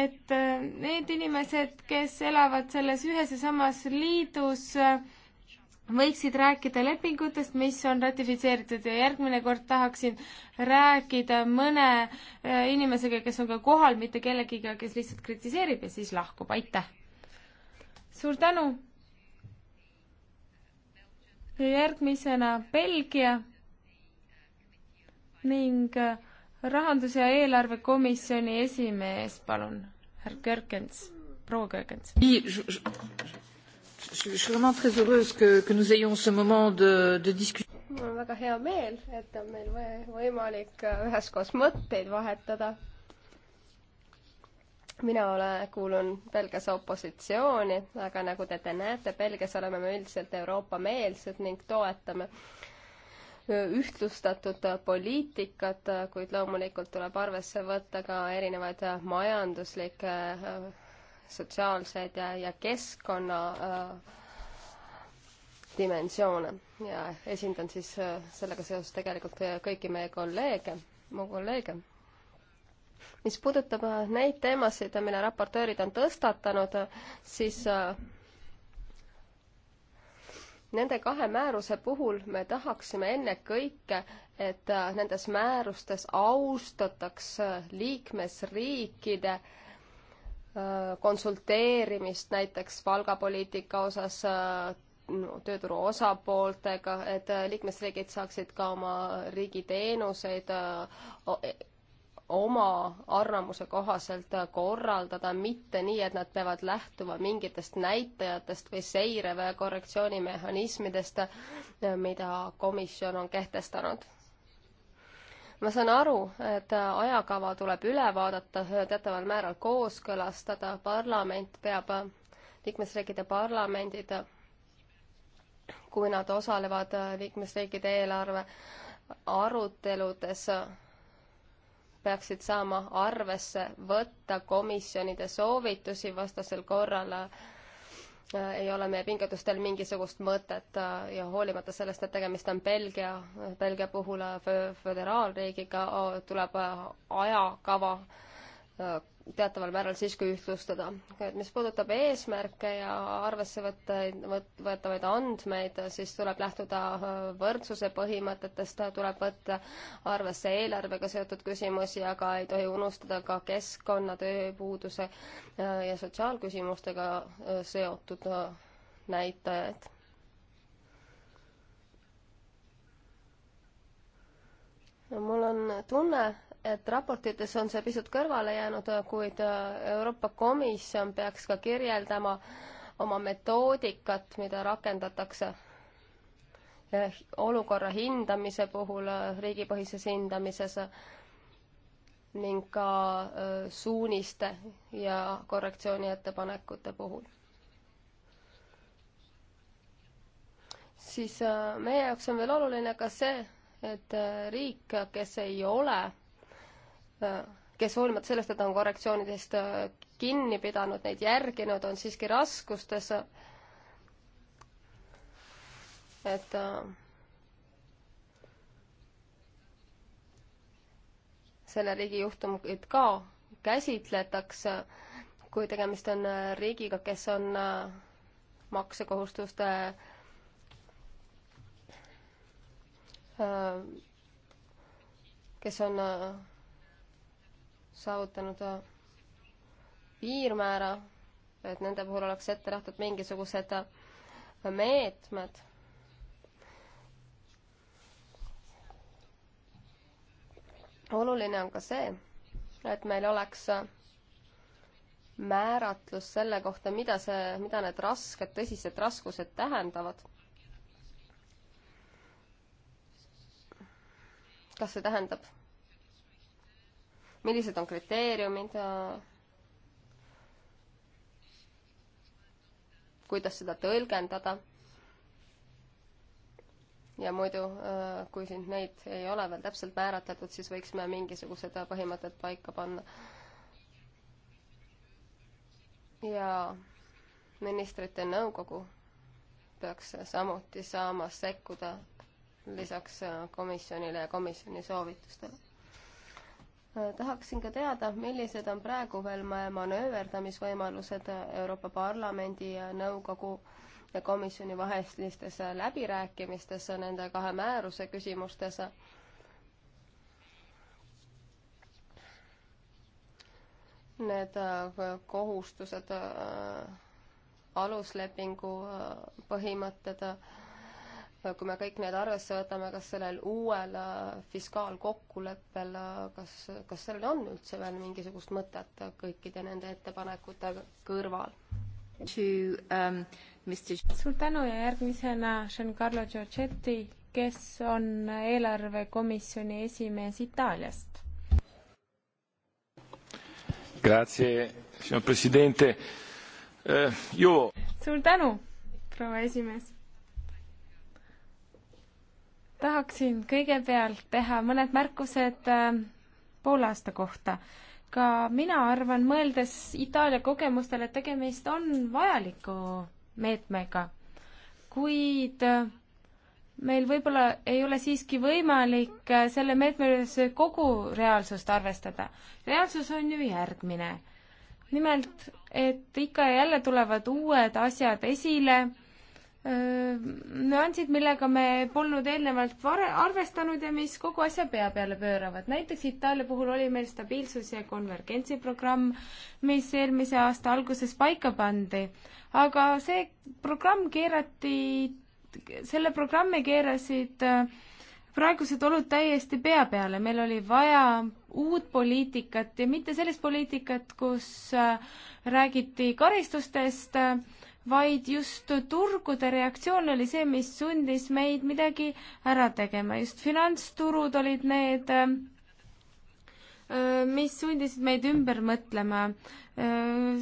et äh, need inimesed, kes elavad selles ühes ja samas liidus äh, võiksid rääkida lepingutest, mis on ratifitseeritud ja järgmine kord tahaksin rääkida mõne äh, inimesega, kes on ka kohal, mitte kellegiga, kes lihtsalt kritiseerib ja siis lahkub, aitäh! suur tänu! ja järgmisena Belgia ning äh, rahandus- ja eelarvekomisjoni esimees, palun, härra Görkens, proua Görkens. Je suis vraiment très heureuse que, que nous ayons ce moment de, de discussion. mul on väga hea meel, et on meil võimalik äh, üheskoos mõtteid vahetada. mina olen, kuulun Belgias opositsiooni, aga nagu te, te näete, Belgias oleme me üldiselt Euroopa-meelsed ning toetame äh, ühtlustatud äh, poliitikat, kuid loomulikult tuleb arvesse võtta ka erinevaid majanduslikke sotsiaalseid ja, ja keskkonna äh, dimensioone ja esindan siis äh, sellega seoses tegelikult äh, kõiki meie kolleege, mu kolleege. mis puudutab äh, neid teemasid, mille raportöörid on tõstatanud, siis äh, nende kahe määruse puhul me tahaksime ennekõike, et äh, nendes määrustes austataks liikmesriikide äh, konsulteerimist näiteks palgapoliitika osas äh, no, tööturu osapooltega, et äh, liikmesriigid saaksid ka oma riigi teenuseid äh, oma arvamuse kohaselt korraldada, mitte nii, et nad peavad lähtuma mingitest näitajatest või seire- või korrektsioonimehhanismidest, mida komisjon on kehtestanud ma saan aru, et ajakava tuleb üle vaadata, äh, teataval määral kooskõlastada, parlament peab, äh, liikmesriikide parlamendid, äh, kui nad osalevad liikmesriikide eelarve aruteludes, peaksid saama arvesse võtta komisjonide soovitusi, vastasel korral äh, Äh, ei ole meie pingutustel mingisugust mõtet äh, ja hoolimata sellest, et tegemist on Belgia, Belgia puhul äh, föderaalriigiga, tuleb ajakava teataval määral siiski ühtlustada. mis puudutab eesmärke ja arvesse võtteid, võetavaid andmeid, siis tuleb lähtuda äh, võrdsuse põhimõtetest, tuleb võtta arvesse eelarvega seotud küsimusi, aga ei tohi unustada ka keskkonna, tööpuuduse äh, ja sotsiaalküsimustega äh, seotud näitajaid mul on tunne, et raportites on see pisut kõrvale jäänud, kuid äh, Euroopa Komisjon peaks ka kirjeldama oma metoodikat, mida rakendatakse olukorra hindamise puhul äh, riigipõhises hindamises äh, ning ka suuniste ja korrektsiooniettepanekute puhul siis meie jaoks on veel oluline ka see, et riik, kes ei ole kes hoolimata sellest, et on korrektsioonidest äh, kinni pidanud, neid järginud, on siiski raskustes. et äh, selle riigi juhtumit ka käsitletakse, kui tegemist on äh, riigiga, kes on maksekohustuste kes on saavutanud äh, piirmäära, et nende puhul oleks ette nähtud mingisugused äh, meetmed. oluline on ka see, et meil oleks äh, määratlus selle kohta, mida see, mida need rasked, tõsised raskused tähendavad kas see tähendab millised on kriteeriumid, äh, kuidas seda tõlgendada. ja muidu, äh, kui siin neid ei ole veel täpselt määratletud, siis võiks me mingisugused põhimõtted paika panna. ja ministrite nõukogu peaks samuti saama sekkuda lisaks äh, komisjonile ja komisjoni soovitustele. Äh, tahaksin ka teada, millised on praegu veel manööverdamisvõimalused äh, Euroopa Parlamendi ja nõukogu ja komisjoni vahelistes äh, läbirääkimistes nende kahe määruse küsimustes. Need kohustused, aluslepingu põhimõtted kui me kõik need arvesse võtame, kas sellel uuel äh, fiskaalkokkuleppel, äh, kas, kas sellel on üldse veel mingisugust mõtet kõikide nende ettepanekute kõrval? Um, suur tänu ja järgmisena Giancarlo Giorgetti, kes on eelarvekomisjoni esimees Itaaliast. Grazie, signor presidente uh,. suur tänu, proua esimees tahaksin kõigepealt teha mõned märkused äh, poole aasta kohta. ka mina arvan, mõeldes Itaalia kogemustele, et tegemist on vajaliku meetmega, kuid äh, meil võib-olla ei ole siiski võimalik äh, selle meetme juures kogu reaalsust arvestada. reaalsus on ju järgmine. nimelt, et ikka ja jälle tulevad uued asjad esile nüansid, millega me polnud eelnevalt vare-, arvestanud ja mis kogu asja pea peale pööravad. näiteks Itaalia puhul oli meil stabiilsus- ja konvergentsiprogramm, mis eelmise aasta alguses paika pandi. aga see programm keerati, selle programmi keerasid äh, praegused olud täiesti pea peale, meil oli vaja uut poliitikat ja mitte sellist poliitikat, kus äh, räägiti karistustest, vaid just turgude reaktsioon oli see, mis sundis meid midagi ära tegema, just finantsturud olid need, äh, mis sundisid meid ümber mõtlema. Äh,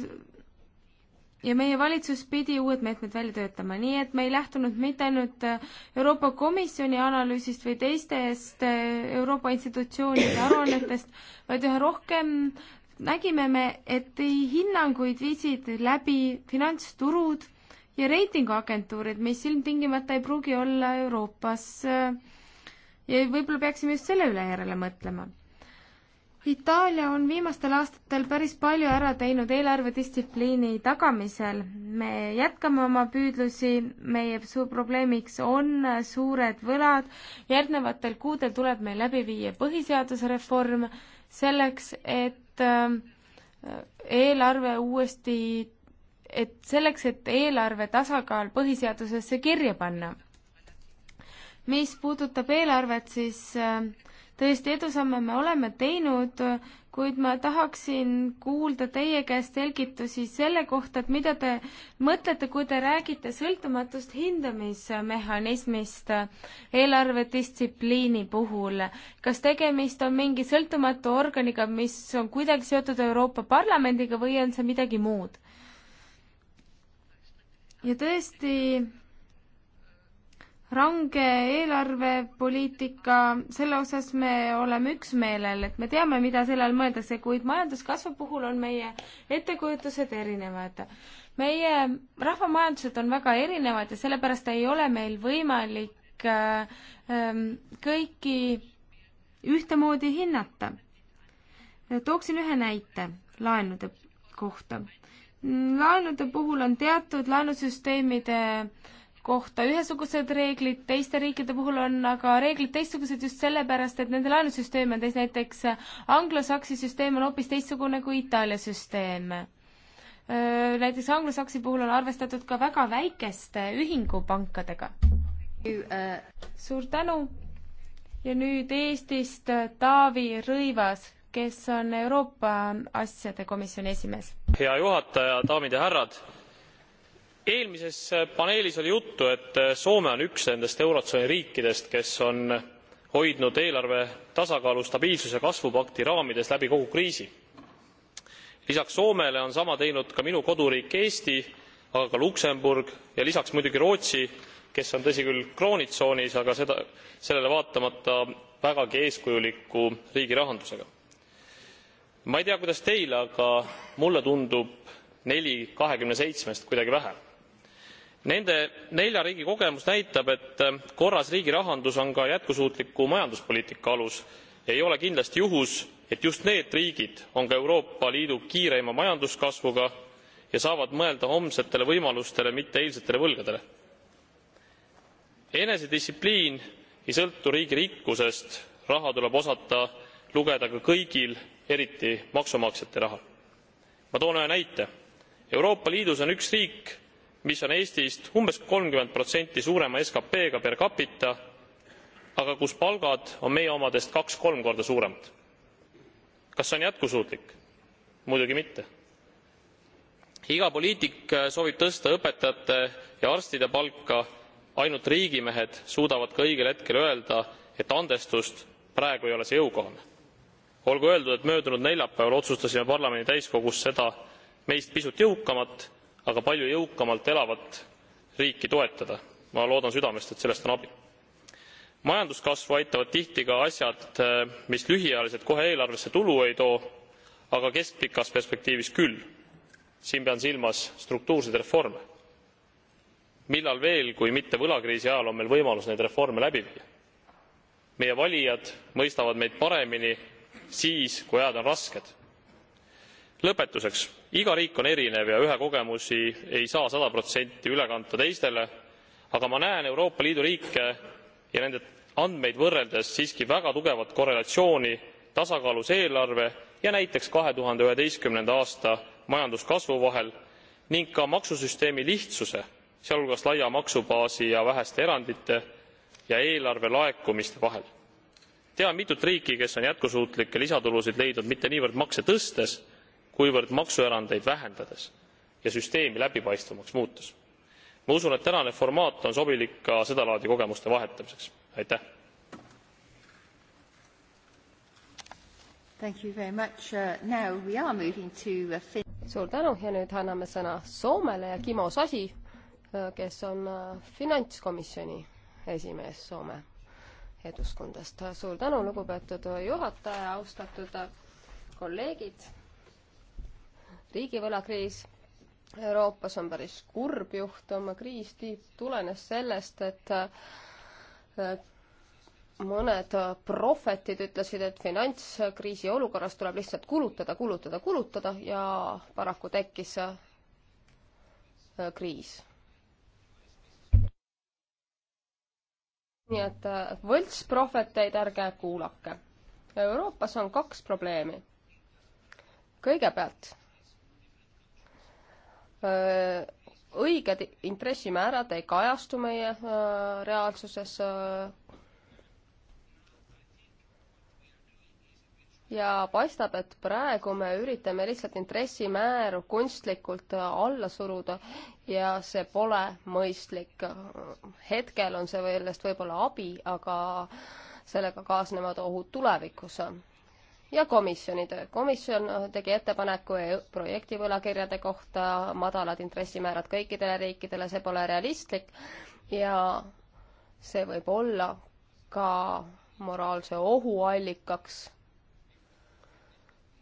ja meie valitsus pidi uued meetmed välja töötama, nii et me ei lähtunud mitte ainult äh, Euroopa Komisjoni analüüsist või teistest Euroopa institutsioonide aruannetest, vaid üha rohkem nägime me, et hinnanguid viisid läbi finantsturud ja reitinguagentuurid, mis ilmtingimata ei pruugi olla Euroopas ja võib-olla peaksime just selle üle järele mõtlema. Itaalia on viimastel aastatel päris palju ära teinud eelarvedistsipliini tagamisel. me jätkame oma püüdlusi, meie suur probleemiks on suured võlad. järgnevatel kuudel tuleb meil läbi viia põhiseaduse reform selleks, et et äh, eelarve uuesti, et selleks, et eelarve tasakaal põhiseadusesse kirja panna. mis puudutab eelarvet, siis äh, tõesti edusamme me oleme teinud, kuid ma tahaksin kuulda teie käest selgitusi selle kohta, et mida te mõtlete, kui te räägite sõltumatust hindamismehhanismist eelarvedistsipliini puhul. kas tegemist on mingi sõltumatu organiga, mis on kuidagi seotud Euroopa Parlamendiga või on see midagi muud? ja tõesti range eelarvepoliitika, selle osas me oleme üksmeelel, et me teame, mida selle all mõeldakse, kuid majanduskasvu puhul on meie ettekujutused erinevad. meie rahvamajandused on väga erinevad ja sellepärast ei ole meil võimalik äh, ähm, kõiki ühtemoodi hinnata. tooksin ühe näite laenude kohta. laenude puhul on teatud laenusüsteemide äh, kohta ühesugused reeglid, teiste riikide puhul on aga reeglid teistsugused just sellepärast, et nende laenusüsteem on teis-, näiteks anglosaksi süsteem on hoopis teistsugune kui Itaalia süsteem. Näiteks anglosaksi puhul on arvestatud ka väga väikeste ühingupankadega. suur tänu ja nüüd Eestist Taavi Rõivas, kes on Euroopa asjade komisjoni esimees. hea juhataja, daamid ja härrad eelmises äh, paneelis oli juttu et äh, soome on üks nendest eurotsooni riikidest kes on hoidnud eelarve tasakaalu stabiilsuse ja kasvu pakti raamides läbi kogu kriisi. lisaks soomele on sama teinud ka minu koduriik eesti aga ka luksemburg ja lisaks muidugi rootsi kes on tõsi küll kroonitsoonis aga sellele vaatamata vägagi eeskujuliku riigirahandusega. ma ei tea kuidas teile aga mulle tundub neli kahekümne seitsmest kuidagi vähe nende nelja riigi kogemus näitab et äh, korras riigirahandus on ka jätkusuutliku majanduspoliitika alus ei ole kindlasti juhus et just need riigid on ka euroopa liidu kiireima majanduskasvuga ja saavad mõelda homsetele võimalustele mitte eilsetele võlgadele. enesedistsipliin ei sõltu riigi rikkusest raha tuleb osata lugeda ka kõigil eriti maksumaksjate raha. ma toon ühe näite euroopa liidus on üks riik mis on eestist umbes suurema skpga per capita aga kus palgad on meie omadest kaks kolm korda suuremad. kas see on jätkusuutlik? muidugi mitte. iga poliitik äh, soovib tõsta õpetajate ja arstide palka ainult riigimehed suudavad ka õigel hetkel öelda et andestust praegu ei ole see jõukohane. olgu öeldud et möödunud neljapäeval otsustasime parlamendi täiskogus seda meist pisut jõukamat aga palju jõukamalt elavat riiki toetada ma loodan südamest et sellest on abi. majanduskasvu aitavad tihti ka asjad eh, mis lühiajaliselt kohe eelarvesse tulu ei too aga keskpikas perspektiivis küll siin pean silmas struktuurseid reforme. millal veel kui mitte võlakriisi ajal on meil võimalus neid reforme läbi viia? meie valijad mõistavad meid paremini siis kui ajad on rasked. lõpetuseks iga riik on erinev ja ühe kogemusi ei saa sada protsenti üle kanda teistele aga ma näen euroopa liidu riike ja nende andmeid võrreldes siiski väga tugevat korrelatsiooni tasakaalus eelarve ja näiteks 2011 aasta majanduskasvu vahel ning ka maksusüsteemi lihtsuse sealhulgas laia maksubaasi ja väheste erandite ja eelarve laekumiste vahel. tean mitut riiki kes on jätkusuutlikke lisatulusid leidnud mitte niivõrd makse tõstes kuivõrd maksuerandeid vähendades ja süsteemi läbipaistvamaks muutes. ma usun et tänane formaat on sobilik ka sedalaadi kogemuste vahetamiseks. aitäh! Uh, uh, suur tänu ja nüüd anname sõna Soomele ja Kimo Sasi, uh, kes on finantskomisjoni esimees Soome Eduskunnast. suur tänu, lugupeetud juhataja, austatud kolleegid riigivõlakriis Euroopas on päris kurb juhtum, kriis tulenes sellest, et mõned prohvetid ütlesid, et finantskriisi olukorras tuleb lihtsalt kulutada, kulutada, kulutada ja paraku tekkis äh, kriis. nii et äh, võltsprohveteid ärge kuulake. Euroopas on kaks probleemi. kõigepealt õiged intressimäärad ei kajastu meie reaalsuses. ja paistab, et praegu me üritame lihtsalt intressimääru kunstlikult alla suruda ja see pole mõistlik. hetkel on see sellest võib-olla abi, aga sellega kaasnevad ohud tulevikus ja komisjoni töö. komisjon tegi ettepaneku e projekti võlakirjade kohta, madalad intressimäärad kõikidele riikidele, see pole realistlik ja see võib olla ka moraalse ohu allikaks,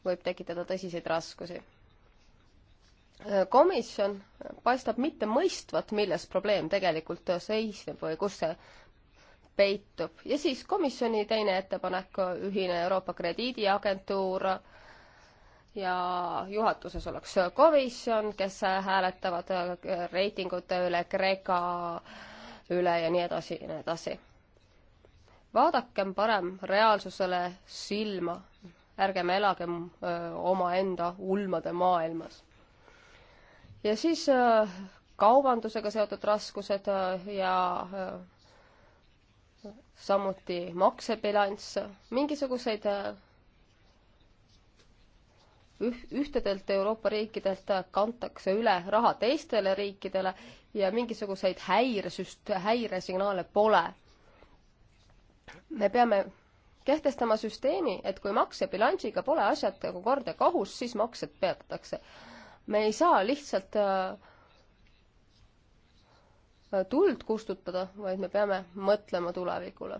võib tekitada tõsiseid raskusi. E, komisjon paistab mitte mõistvat, milles probleem tegelikult seisneb või kus see peitub. ja siis komisjoni teine ettepanek, ühine Euroopa Krediidiagentuur ja juhatuses oleks komisjon, kes hääletavad reitingute üle, Kreeka üle ja nii edasi ja nii edasi. vaadakem parem reaalsusele silma, ärgem elagem omaenda ulmade maailmas. ja siis kaubandusega seotud raskused ja öö, samuti maksebilanss, mingisuguseid äh, üh-, ühtedelt Euroopa riikidelt kantakse üle raha teistele riikidele ja mingisuguseid häiresüst-, häiresignaale pole. me peame kehtestama süsteemi, et kui maksebilansiga pole asjad nagu kord ja kohus, siis maksed peatatakse. me ei saa lihtsalt äh, tuld kustutada, vaid me peame mõtlema tulevikule.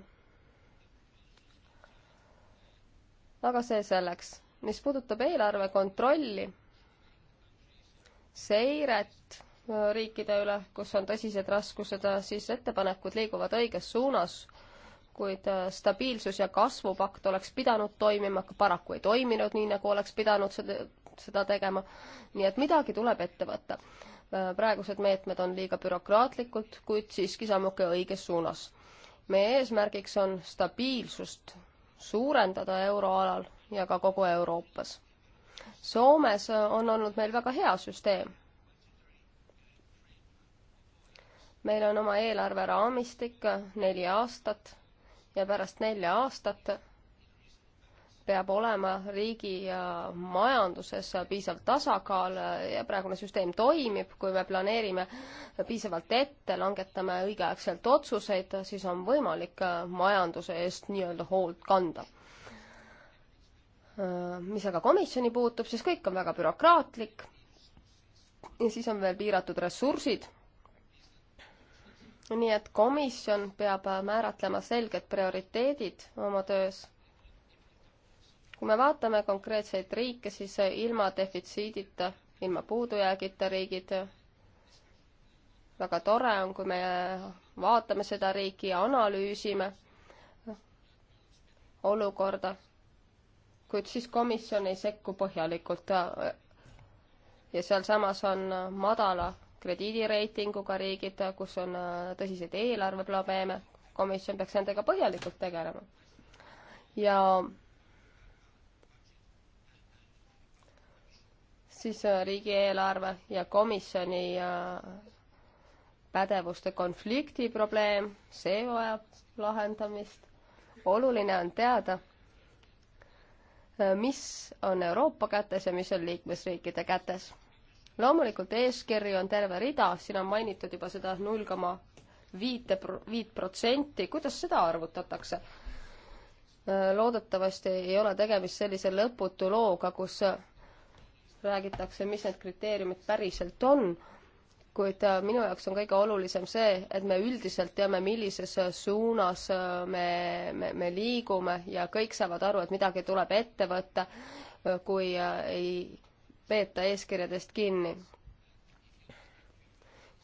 aga see selleks. mis puudutab eelarve kontrolli, seiret äh, riikide üle, kus on tõsised raskused, äh, siis ettepanekud liiguvad õiges suunas, kuid äh, stabiilsus- ja kasvupakt oleks pidanud toimima, aga paraku ei toiminud nii, nagu oleks pidanud seda, seda tegema. nii et midagi tuleb ette võtta praegused meetmed on liiga bürokraatlikud, kuid siiski sammuke õiges suunas. meie eesmärgiks on stabiilsust suurendada euroalal ja ka kogu Euroopas. Soomes on olnud meil väga hea süsteem. meil on oma eelarveraamistik neli aastat ja pärast nelja aastat peab olema riigi majanduses piisav tasakaal ja praegune süsteem toimib, kui me planeerime piisavalt ette, langetame õigeaegselt otsuseid, siis on võimalik majanduse eest nii-öelda hoolt kanda. mis aga komisjoni puutub, siis kõik on väga bürokraatlik ja siis on veel piiratud ressursid nii et komisjon peab määratlema selged prioriteedid oma töös kui me vaatame konkreetseid riike, siis ilma defitsiidita, ilma puudujäägita riigid, väga tore on, kui me vaatame seda riiki ja analüüsime olukorda, kuid siis komisjon ei sekku põhjalikult. ja sealsamas on madala krediidireitinguga riigid, kus on tõsiseid eelarveprobleeme, komisjon peaks nendega põhjalikult tegelema. ja siis äh, riigieelarve ja komisjoni äh, pädevuste konflikti probleem, see vajab lahendamist. oluline on teada, äh, mis on Euroopa kätes ja mis on liikmesriikide kätes. loomulikult eeskirju on terve rida, siin on mainitud juba seda null koma viite, viit protsenti, kuidas seda arvutatakse? loodetavasti ei ole tegemist sellise lõputu looga, kus räägitakse, mis need kriteeriumid päriselt on, kuid äh, minu jaoks on kõige olulisem see, et me üldiselt teame, millises äh, suunas äh, me, me, me liigume ja kõik saavad aru, et midagi tuleb ette võtta, kui ei peeta eeskirjadest kinni.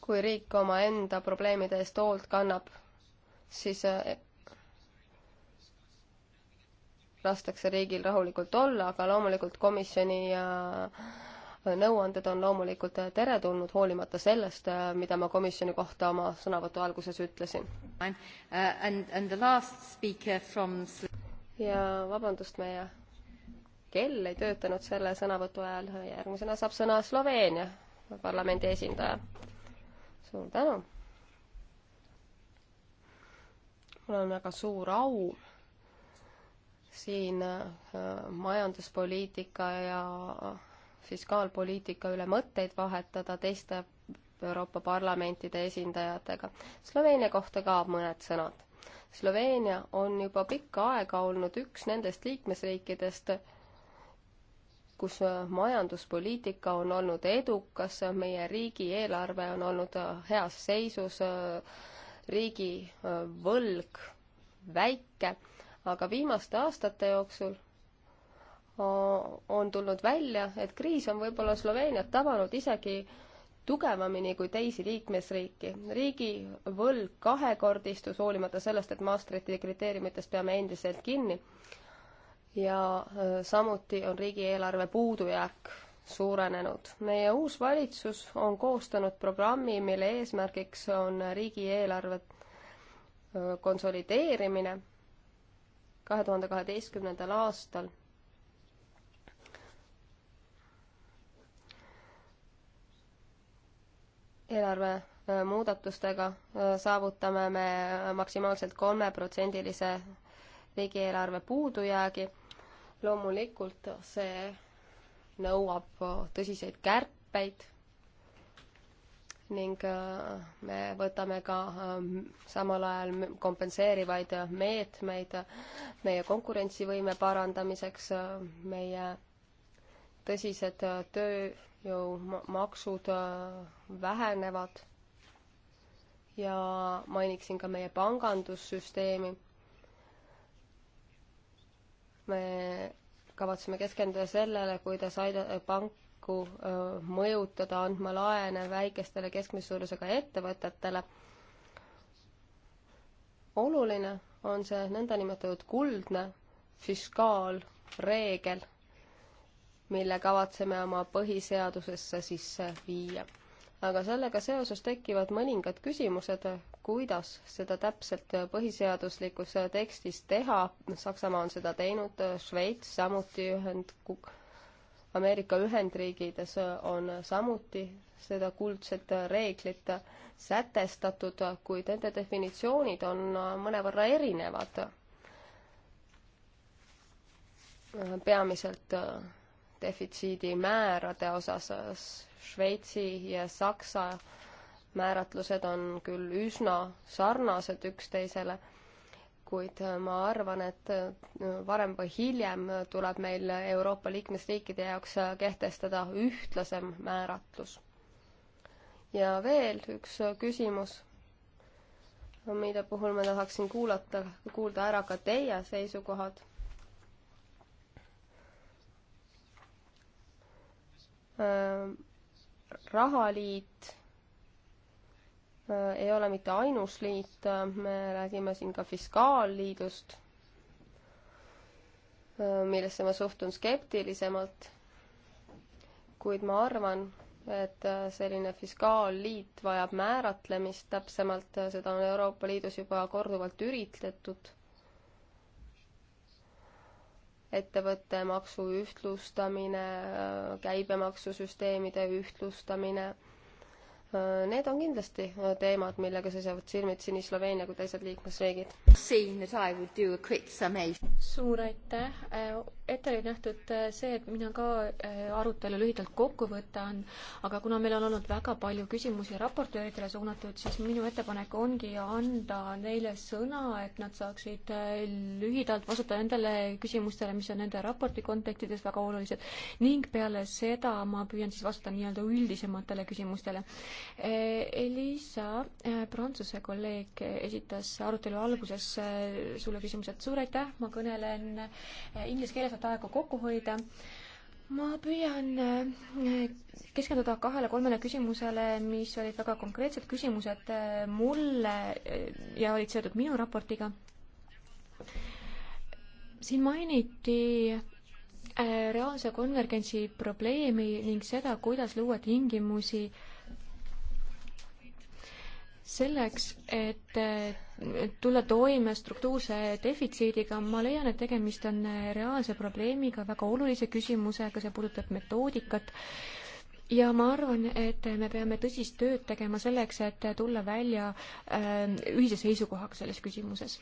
kui riik omaenda probleemide eest hoolt kannab, siis lastakse riigil rahulikult olla, aga loomulikult komisjoni äh, nõuanded on loomulikult äh, teretulnud, hoolimata sellest, äh, mida ma komisjoni kohta oma sõnavõtu alguses ütlesin. Uh, from... ja vabandust, meie kell ei töötanud selle sõnavõtu ajal, järgmisena saab sõna Sloveenia parlamendi esindaja. suur tänu! mul on väga suur au siin äh, majanduspoliitika ja äh, fiskaalpoliitika üle mõtteid vahetada teiste Euroopa parlamentide esindajatega. Sloveenia kohta ka mõned sõnad. Sloveenia on juba pikka aega olnud üks nendest liikmesriikidest, kus äh, majanduspoliitika on olnud edukas, meie riigieelarve on olnud heas seisus, riigi võlg väike aga viimaste aastate jooksul on tulnud välja, et kriis on võib-olla Sloveeniat tabanud isegi tugevamini kui teisi liikmesriiki. riigi võlg kahekordistus, hoolimata sellest, et Maastrichti kriteeriumitest peame endiselt kinni. ja samuti on riigieelarve puudujääk suurenenud. meie uus valitsus on koostanud programmi, mille eesmärgiks on riigieelarve konsolideerimine kahe tuhande kaheteistkümnendal aastal. eelarve äh, muudatustega äh, saavutame me äh, maksimaalselt kolmeprotsendilise riigieelarve puudujäägi. loomulikult see nõuab tõsiseid kärpeid ning äh, me võtame ka äh, samal ajal kompenseerivaid meetmeid meie konkurentsivõime parandamiseks, äh, meie tõsised tööjõumaksud vähenevad ja mainiksin ka meie pangandussüsteemi. me kavatseme keskenduda sellele, kuidas aida-, pank tulevikku mõjutada, andma laene väikestele keskmise suurusega ettevõtetele. oluline on see nõndanimetatud kuldne fiskaalreegel, mille kavatseme oma põhiseadusesse sisse viia. aga sellega seoses tekivad mõningad küsimused, kuidas seda täpselt põhiseaduslikus tekstis teha, Saksamaa on seda teinud, Šveits samuti, ühend-, Ameerika Ühendriigides on samuti seda kuldset reeglit sätestatud, kuid nende definitsioonid on mõnevõrra erinevad. peamiselt defitsiidi määrade osas Šveitsi ja Saksa määratlused on küll üsna sarnased üksteisele kuid äh, ma arvan, et äh, varem või hiljem äh, tuleb meil Euroopa liikmesriikide jaoks kehtestada ühtlasem määratlus. ja veel üks küsimus, mille puhul ma tahaksin kuulata, kuulda ära ka teie seisukohad. rahaliit Äh, ei ole mitte ainus liit, äh, me räägime siin ka fiskaalliidust, äh, millesse ma suhtun skeptilisemalt, kuid ma arvan, et selline fiskaalliit vajab määratlemist täpsemalt, seda on Euroopa Liidus juba korduvalt üritletud. ettevõtte maksu ühtlustamine, käibemaksusüsteemide ühtlustamine Need on kindlasti teemad, millega seisavad silmitsi nii Sloveenia kui teised liikmesriigid. suur aitäh, ette oli nähtud äh, see, et mina ka äh, arutelu lühidalt kokku võtan, aga kuna meil on olnud väga palju küsimusi raportööridele suunatud, siis minu ettepanek ongi anda neile sõna, et nad saaksid äh, lühidalt vastata nendele küsimustele, mis on nende raporti kontekstides väga olulised ning peale seda ma püüan siis vastata nii-öelda üldisematele küsimustele. Elisa, Prantsuse kolleeg, esitas arutelu alguses sulle küsimuse, et suur aitäh, ma kõnelen inglise keeles, tähtsat aega kokku hoida. ma püüan eh, keskenduda kahele-kolmele küsimusele, mis olid väga konkreetsed küsimused eh, mulle eh, ja olid seotud minu raportiga. siin mainiti reaalse konvergentsi probleemi ning seda, kuidas luua tingimusi selleks, et tulla toime struktuurse defitsiidiga, ma leian, et tegemist on reaalse probleemiga, väga olulise küsimusega, see puudutab metoodikat ja ma arvan, et me peame tõsist tööd tegema selleks, et tulla välja ähm, ühise seisukohaga selles küsimuses.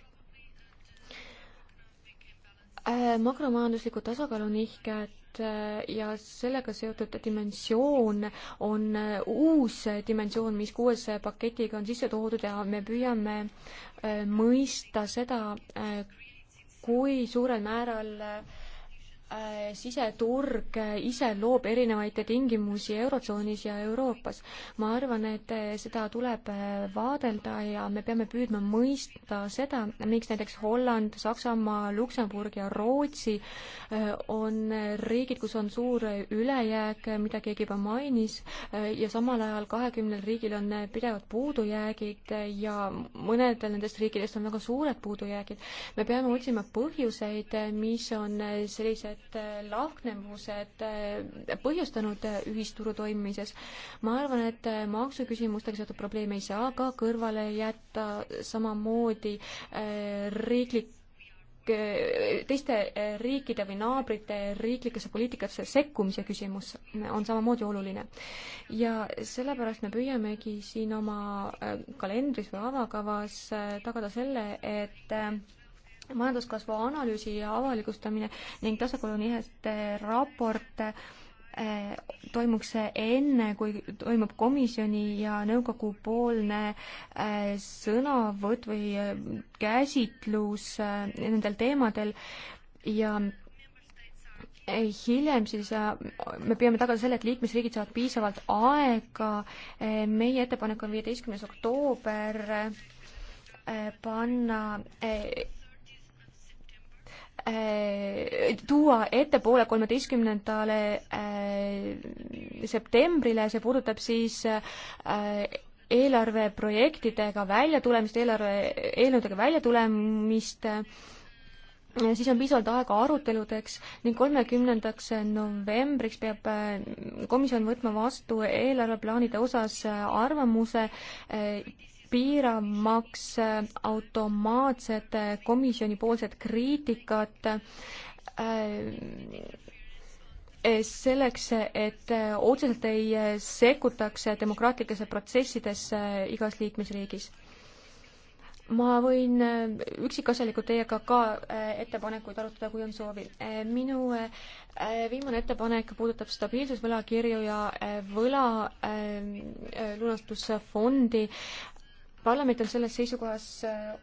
Äh, makromajandusliku tasakaalu nihked Äh, ja sellega seotud dimensioon on äh, uus dimensioon, mis kuues äh, paketiga on sisse toodud ja me püüame mõista seda, kui suurel määral äh, Äh, siseturg äh, ise loob erinevaid tingimusi Eurotsoonis ja Euroopas. ma arvan, et äh, seda tuleb vaadelda ja me peame püüdma mõista seda, miks näiteks Holland, Saksamaa, Luksemburg ja Rootsi on riigid, kus on suur ülejääk, mida keegi juba mainis, ja samal ajal kahekümnel riigil on pidevad puudujäägid ja mõnedel nendest riikidest on väga suured puudujäägid. me peame otsima põhjuseid, mis on sellised need lahknevused eh, põhjustanud eh, ühisturu toimimises. ma arvan, et eh, maksuküsimustega seotud probleeme ei saa ka kõrvale jätta, samamoodi riiklik teiste riikide või naabrite riiklikesse poliitikasse sekkumise küsimus on samamoodi oluline. ja sellepärast me püüamegi siin oma kalendris või avakavas tagada selle, et majanduskasvu analüüsi avalikustamine ning tasakaaluniheste raport eh, toimuks enne, kui toimub komisjoni ja nõukogu poolne eh, sõnavõtt või eh, käsitlus nendel teemadel ja hiljem siis me peame tagada selle, et liikmesriigid saavad piisavalt aega. meie ettepanek on viieteistkümnes oktoober panna Äh, tuua ettepoole kolmeteistkümnendale äh, septembrile, see puudutab siis äh, eelarveprojektidega välja tulemist, eelarve, eelnõudega välja tulemist, siis on piisavalt aega aruteludeks ning kolmekümnendaks novembriks peab komisjon võtma vastu eelarveplaanide osas arvamuse piiramaks äh, automaatset äh, komisjonipoolset kriitikat äh, selleks, et otseselt ei sekkutaks demokraatlikesse protsessidesse igas liikmesriigis. ma võin üksikasjalikult teiega ka ettepanekuid arutada, kui on soovi. minu viimane ettepanek puudutab stabiilsusvõlakirju ja võla lunastusfondi parlament on selles seisukohas äh,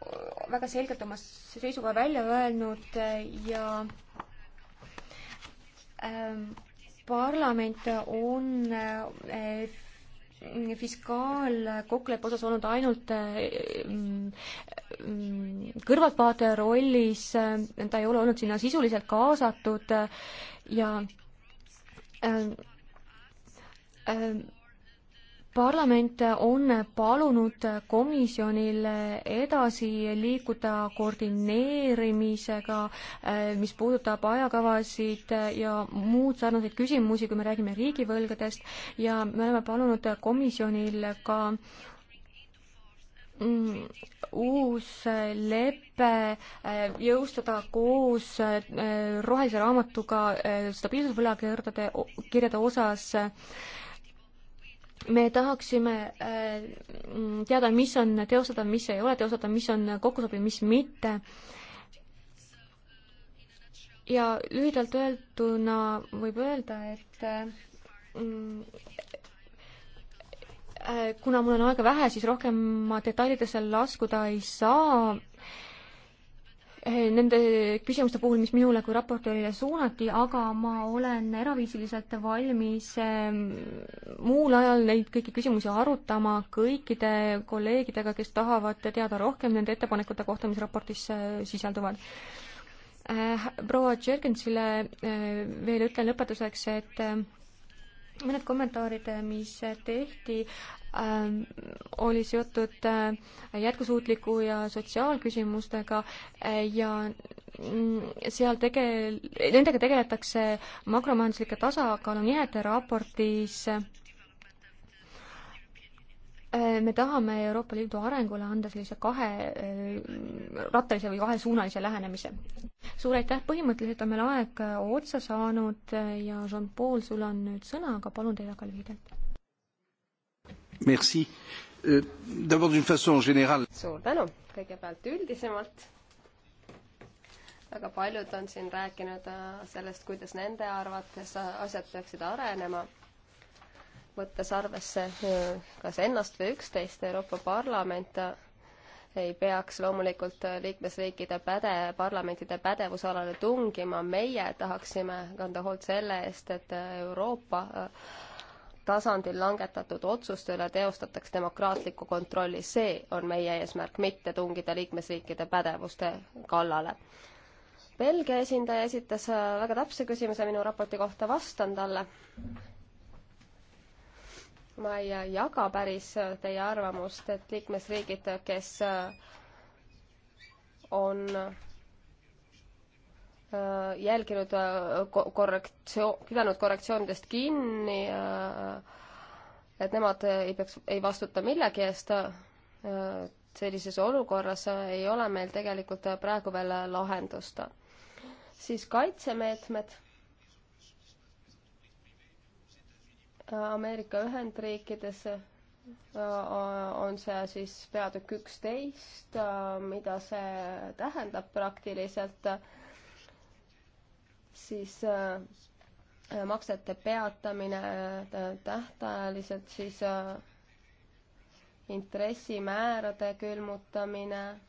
väga selgelt oma seisukoha välja öelnud äh, ja ähm, parlament on äh, fiskaalkokkuleppe osas olnud ainult mm, kõrvaltvaataja rollis, ta ei ole olnud sinna sisuliselt kaasatud ja ähm, ähm, parlament on palunud komisjonil edasi liikuda koordineerimisega, eh, mis puudutab ajakavasid ja muud sarnaseid küsimusi, kui me räägime riigivõlgadest ja me oleme palunud komisjonil ka mm, uus lepe eh, jõustada koos eh, rohelise raamatuga stabiilsusvõlakirjade, kirjade osas me tahaksime äh, teada, mis on teostada, mis ei ole teostada, mis on kokkusobiv, mis mitte. ja lühidalt öelduna võib öelda, et äh, äh, kuna mul on aega vähe, siis rohkem ma detailidesse laskuda ei saa nende küsimuste puhul, mis minule kui raportöörile suunati, aga ma olen eraviisiliselt valmis ehm, muul ajal neid kõiki küsimusi arutama kõikide kolleegidega, kes tahavad teada rohkem nende ettepanekute kohta, mis raportis eh, sisalduvad eh, proua Jürgensile eh, veel ütlen lõpetuseks, et mõned kommentaarid, mis tehti, Ähm, oli seotud äh, jätkusuutliku ja sotsiaalküsimustega äh, ja mm, seal tege-, nendega tegeletakse makromajanduslike tasakaalu nihete raportis. Äh, me tahame Euroopa Liidu arengule anda sellise kaherattalise või kahesuunalise lähenemise. suur aitäh, põhimõtteliselt on meil aeg otsa saanud ja Jean-Paul, sul on nüüd sõna, aga palun teile ka lühidalt Merci. Euh, d'abord d'une façon générale. suur tänu, kõigepealt üldisemalt. väga paljud on siin rääkinud äh, sellest, kuidas nende arvates äh, asjad peaksid arenema võttes arvesse äh, kas ennast või üksteist, Euroopa Parlament ei peaks loomulikult liikmesriikide päde, parlamentide pädevusalale tungima, meie tahaksime kanda hoolt selle eest, et Euroopa äh, tasandil langetatud otsuste üle teostataks demokraatlikku kontrolli, see on meie eesmärk, mitte tungida liikmesriikide pädevuste kallale. Belgia esindaja esitas äh, väga täpse küsimuse minu raporti kohta, vastan talle. ma ei äh, jaga päris äh, teie arvamust, et liikmesriigid, kes on Äh, jälginud äh, korrektsioon, pidanud korrektsioonidest kinni, äh, et nemad ei peaks, ei vastuta millegi eest. sellises olukorras ei ole meil tegelikult praegu veel lahendust. siis kaitsemeetmed. Ameerika Ühendriikides on see siis peatükk üksteist, mida see tähendab praktiliselt siis äh, äh, maksete peatamine äh, tähtajaliselt, siis intressimäärade külmutamine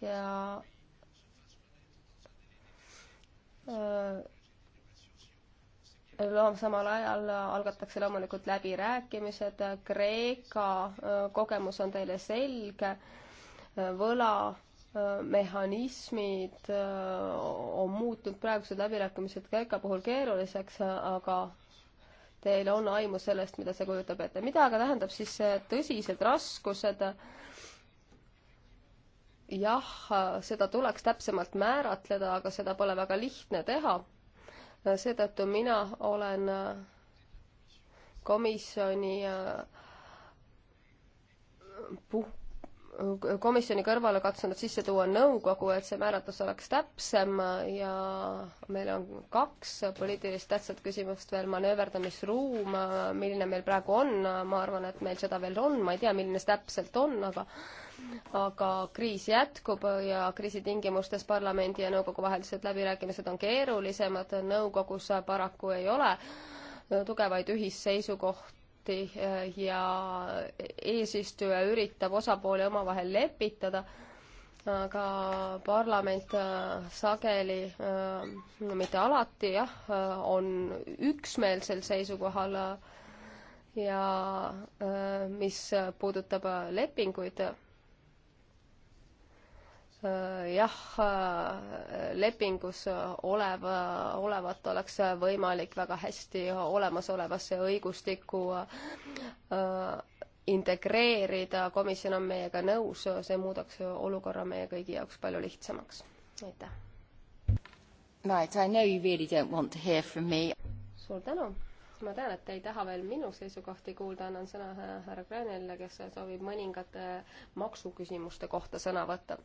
ja samal ajal algatakse loomulikult läbirääkimised, Kreeka kogemus on teile selge, võla mehhanismid äh, on muutnud praegused läbirääkimised Kreeka puhul keeruliseks, aga teil on aimu sellest, mida see kujutab ette. mida aga tähendab siis tõsised raskused? jah, seda tuleks täpsemalt määratleda, aga seda pole väga lihtne teha. seetõttu mina olen komisjoni äh, puh-, komisjoni kõrvale katsunud sisse tuua nõukogu, et see määratlus oleks täpsem ja meil on kaks poliitilist tähtsat küsimust veel, manööverdamisruum, milline meil praegu on, ma arvan, et meil seda veel on, ma ei tea, milline see täpselt on, aga aga kriis jätkub ja kriisi tingimustes parlamendi ja nõukogu vahelised läbirääkimised on keerulisemad, nõukogus paraku ei ole tugevaid ühisseisukohti, lahti äh, ja eesistuja üritab osapooli omavahel lepitada, aga parlament äh, sageli, äh, mitte alati jah, on üksmeelsel seisukohal ja mis puudutab lepinguid Äh, jah, äh, lepingus olev, olevat oleks võimalik väga hästi olemasolevasse õigustikku äh, integreerida, komisjon on meiega nõus, see muudaks olukorra meie kõigi jaoks palju lihtsamaks. aitäh! Right, I know you really don't want to hear from me. suur tänu! ma tean, et te ei taha veel minu seisukohti kuulda, annan sõna äh, härra Gränile, kes soovib mõningate äh, maksuküsimuste kohta sõna võtta.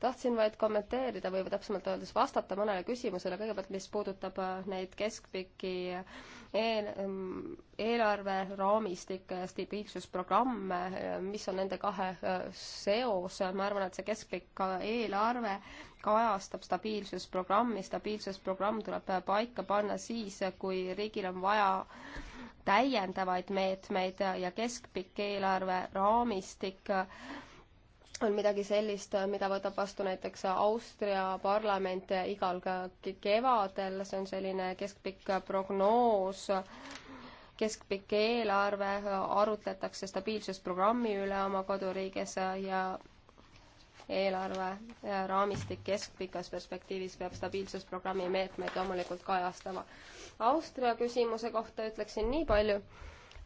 tahtsin vaid kommenteerida või täpsemalt öeldes vastata mõnele küsimusele, kõigepealt mis puudutab äh, neid keskpikki eel, ähm, eelarveraamistikke ja stabiilsusprogramme, mis on nende kahe seos, ma arvan, et see keskpikk eelarve kajastab stabiilsusprogrammi, stabiilsusprogramm tuleb paika panna siis, kui riigil on vaja täiendavaid meetmeid ja keskpikk eelarve raamistik on midagi sellist, mida võtab vastu näiteks Austria parlament igal kevadel, see on selline keskpikk prognoos, keskpikk eelarve, arutletakse stabiilsusprogrammi üle oma koduriigis ja eelarve äh, raamistik keskpikas perspektiivis peab stabiilsusprogrammi meetmeid loomulikult kajastama. Austria küsimuse kohta ütleksin nii palju,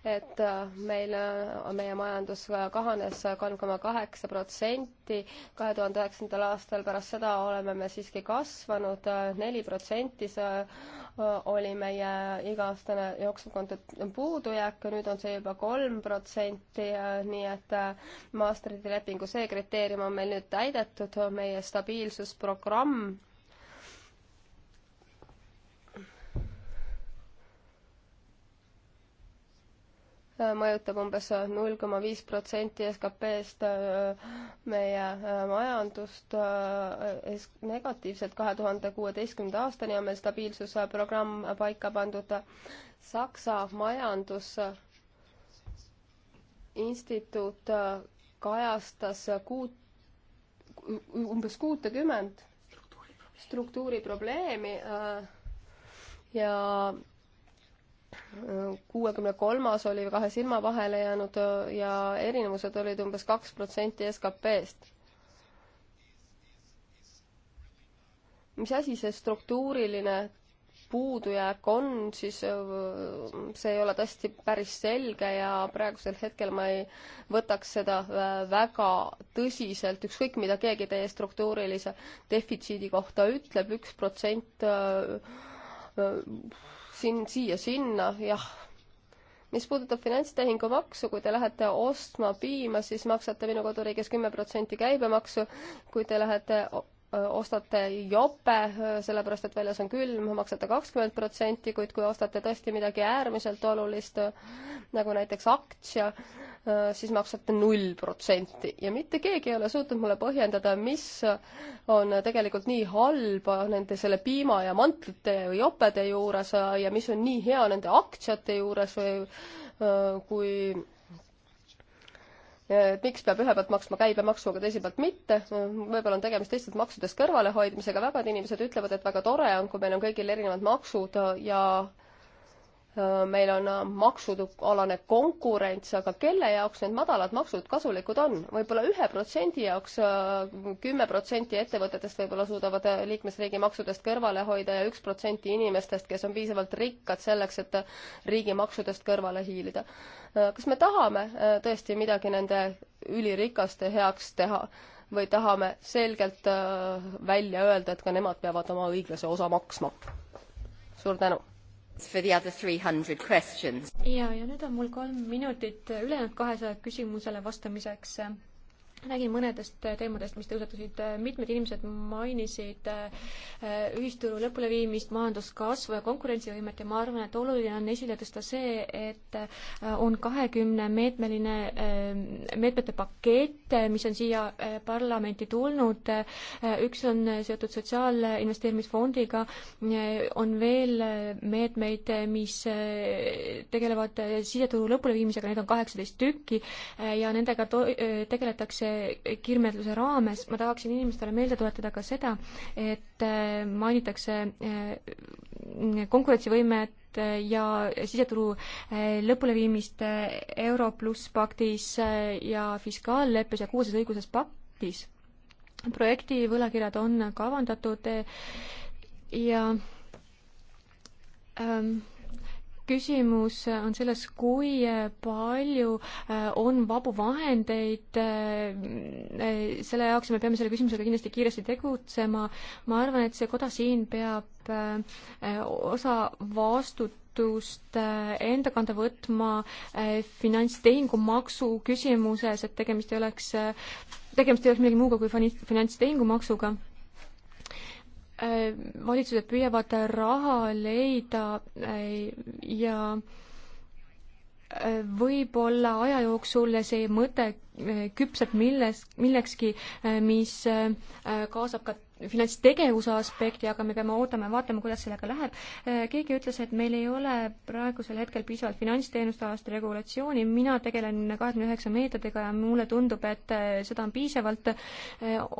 et äh, meil, äh, meie majandus äh, kahanes kolm koma kaheksa protsenti kahe tuhande üheksandal aastal, pärast seda oleme me siiski kasvanud neli protsenti, see oli meie iga-aastane jooksevkonto puudujääk, nüüd on see juba kolm protsenti, nii et Maastrichti lepingu see kriteerium on meil nüüd täidetud, meie stabiilsusprogramm mõjutab umbes null koma viis protsenti SKP-st äh, meie äh, majandust äh, negatiivselt. kahe tuhande kuueteistkümnenda aastani on meil stabiilsuse programm paika pandud. Saksa majandusinstituut kajastas kuut, umbes kuutekümmend struktuuriprobleemi ja kuuekümne kolmas oli kahe silma vahele jäänud äh, ja erinevused olid umbes kaks protsenti SKP-st. mis asi see struktuuriline puudujääk on, siis äh, see ei ole tõesti päris selge ja praegusel hetkel ma ei võtaks seda äh, väga tõsiselt, ükskõik mida keegi teie struktuurilise defitsiidi kohta ütleb, üks protsent siin, siia-sinna, jah. mis puudutab finantstehingu maksu, kui te lähete ostma piima, siis maksate minu koduriigis kümme protsenti käibemaksu, kui te lähete ostate jope, sellepärast et väljas on külm, maksate kakskümmend protsenti, kuid kui ostate tõesti midagi äärmiselt olulist, nagu näiteks aktsia, Äh, siis maksate null protsenti ja mitte keegi ei ole suutnud mulle põhjendada, mis on tegelikult nii halba nende selle piima ja mantlite või jopede juures äh, ja mis on nii hea nende aktsiate juures või äh, kui et miks peab ühe pealt maksma käibemaksu, aga teise pealt mitte, võib-olla on tegemist lihtsalt maksudest kõrvalehoidmisega, väga paljud inimesed ütlevad, et väga tore on, kui meil on kõigil erinevad maksud ja äh, meil on äh, maksualane konkurents, aga kelle jaoks need madalad maksud kasulikud on võib? võib-olla ühe protsendi jaoks äh, kümme protsenti ettevõtetest võib-olla suudavad äh, liikmesriigi maksudest kõrvale hoida ja üks protsenti inimestest, kes on piisavalt rikkad selleks, et riigi maksudest kõrvale hiilida. kas me tahame tõesti midagi nende ülirikaste heaks teha või tahame selgelt välja öelda, et ka nemad peavad oma õiglase osa maksma? suur tänu! ja, ja nüüd on mul kolm minutit ülejäänud kahesaja küsimusele vastamiseks räägin mõnedest äh, teemadest, mis tõusetusid, äh, mitmed inimesed mainisid äh, ühisturu lõpuleviimist, majanduskasvu ja konkurentsivõimet ja ma arvan, et oluline on esile tõsta see, et on kahekümne meetmeline, meetmete pakett, mis on siia parlamenti tulnud, üks on seotud Sotsiaalinvesteerimisfondiga, on veel meetmeid, mis tegelevad siseturu lõpuleviimisega, neid on kaheksateist tükki ja nendega tegeletakse kiirmenetluse raames, ma tahaksin inimestele meelde tuletada ka seda, et äh, mainitakse äh, konkurentsivõimet äh, ja siseturu lõpuleviimist Euro pluss paktis ja fiskaalleppes ja kuulsas õiguses paktis. projekti võlakirjad on kavandatud ja ähm, küsimus on selles, kui palju äh, on vabu vahendeid. Äh, selle jaoks me peame selle küsimusega kindlasti kiiresti tegutsema. ma arvan, et see koda siin peab äh, osa vastutust enda kanda võtma finantstehingu maksu küsimuses, et tegemist ei oleks, tegemist ei oleks millegi muuga kui finantstehingu maksuga Äh, valitsused püüavad raha leida äh, ja äh, võib-olla aja jooksul see mõte küpseb milles, millekski, mis kaasab ka finantstegevuse aspekti, aga me peame ootama ja vaatama, kuidas sellega läheb. keegi ütles, et meil ei ole praegusel hetkel piisavalt finantsteenuste alast regulatsiooni, mina tegelen kahekümne üheksa meetodiga ja mulle tundub, et eh, seda on piisavalt.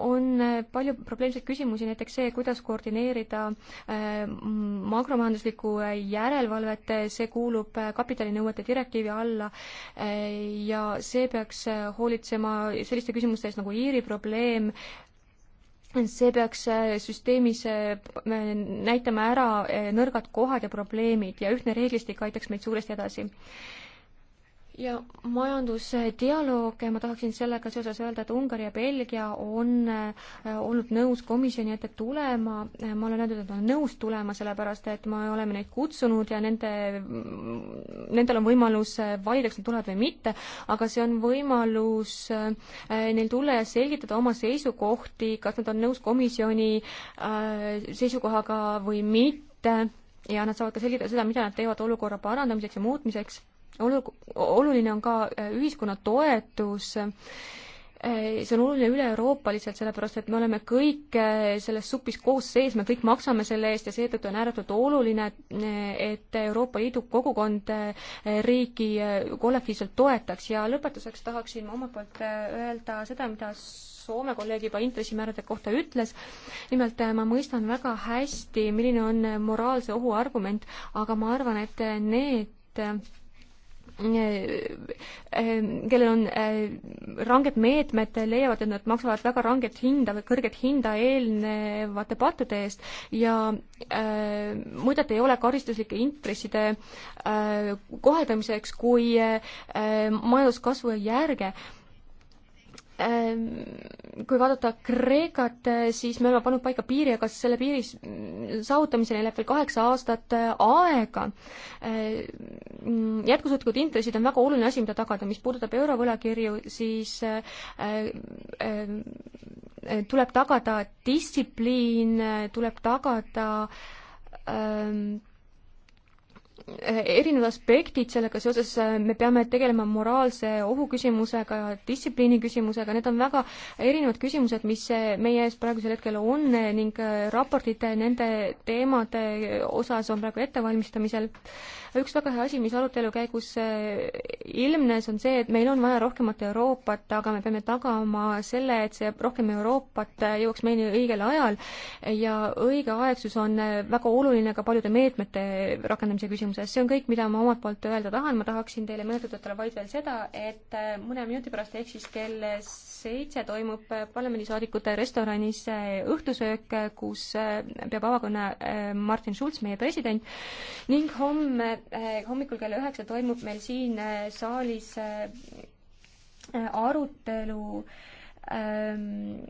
on palju probleemseid küsimusi, näiteks see, kuidas koordineerida eh, makromajanduslikku järelevalvet, see kuulub eh, kapitalinõuete direktiivi alla ja see peaks hoolitsema selliste küsimuste eest nagu Iiri probleem, see peaks äh, süsteemis äh, näitama ära äh, nõrgad kohad ja probleemid ja ühtne reeglistik aitaks meid suuresti edasi ja majandusdialoog, ma tahaksin sellega seoses öelda, et Ungari ja Belgia on äh, olnud nõus komisjoni ette tulema, ma olen öelnud, et nad on nõus tulema, sellepärast et me oleme neid kutsunud ja nende, nendel on võimalus äh, valida, kas nad tulevad või mitte, aga see on võimalus äh, neil tulla ja selgitada oma seisukohti, kas nad on nõus komisjoni seisukohaga või mitte, ja nad saavad ka selgitada seda, mida nad teevad olukorra parandamiseks ja muutmiseks olu-, oluline on ka äh, ühiskonna toetus, äh, see on oluline üle-euroopaliselt, sellepärast et me oleme kõik äh, selles supis koos sees, me kõik maksame selle eest ja seetõttu on ääretult oluline, et Euroopa Liidu kogukond riiki kollektiivselt toetaks ja lõpetuseks tahaksin ma omalt poolt öelda seda, mida Soome kolleeg juba intressimäärade kohta ütles. nimelt ma mõistan väga hästi, milline on moraalse ohu argument, aga ma arvan, et need Äh, äh, kellel on äh, ranged meetmed, leiavad, et nad maksavad väga ranget hinda või kõrget hinda eelnevate pattude eest ja mõtet ei ole karistuslike intresside koheldamiseks, kui majanduskasvu ei järge Ähm, kui vaadata Kreekat, siis me oleme pannud paika piiri ja kas selle piiri saavutamiseni läheb veel kaheksa aastat äh, aega. Äh, jätkusuutlikud intressid on väga oluline asi, mida tagada, mis puudutab eurovõlakirju, siis äh, tuleb tagada distsipliin, tuleb tagada ähm, erinevad aspektid sellega seoses, me peame tegelema moraalse ohu küsimusega ja distsipliini küsimusega, need on väga erinevad küsimused, mis meie ees praegusel hetkel on ning raportid nende teemade osas on praegu ettevalmistamisel. üks väga hea asi, mis arutelu käigus ilmnes, on see, et meil on vaja rohkemat Euroopat, aga me peame tagama selle, et see rohkem Euroopat jõuaks meile õigel ajal ja õigeaegsus on väga oluline ka paljude meetmete rakendamise küsimuses küsimuses, see on kõik, mida ma omalt poolt öelda tahan, ma tahaksin teile meenutatutele vaid veel seda, et äh, mõne minuti pärast ehk siis kell seitse toimub äh, parlamendisaadikute restoranis äh, õhtusöök, kus peab avakõne Martin Schulz, meie president, ning homme hommikul kell üheksa toimub meil siin saalis arutelu ähm,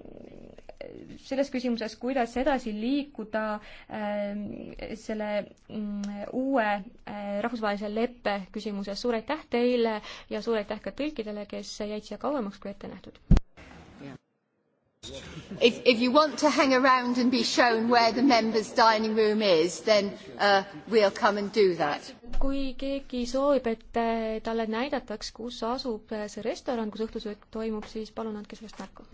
selles küsimuses, kuidas edasi liikuda ähm, selle mm, uue äh, rahvusvahelise leppe küsimuses. suur aitäh teile ja suur aitäh ka tõlkidele, kes jäid siia kauemaks kui ette nähtud. If, if you want to hang around and be shown where the members' dining room is, then uh, we'll come and do that. kui keegi soovib, et äh, talle näidataks, kus asub äh, see restoran, kus õhtusöök toimub, siis palun andke sellest märku.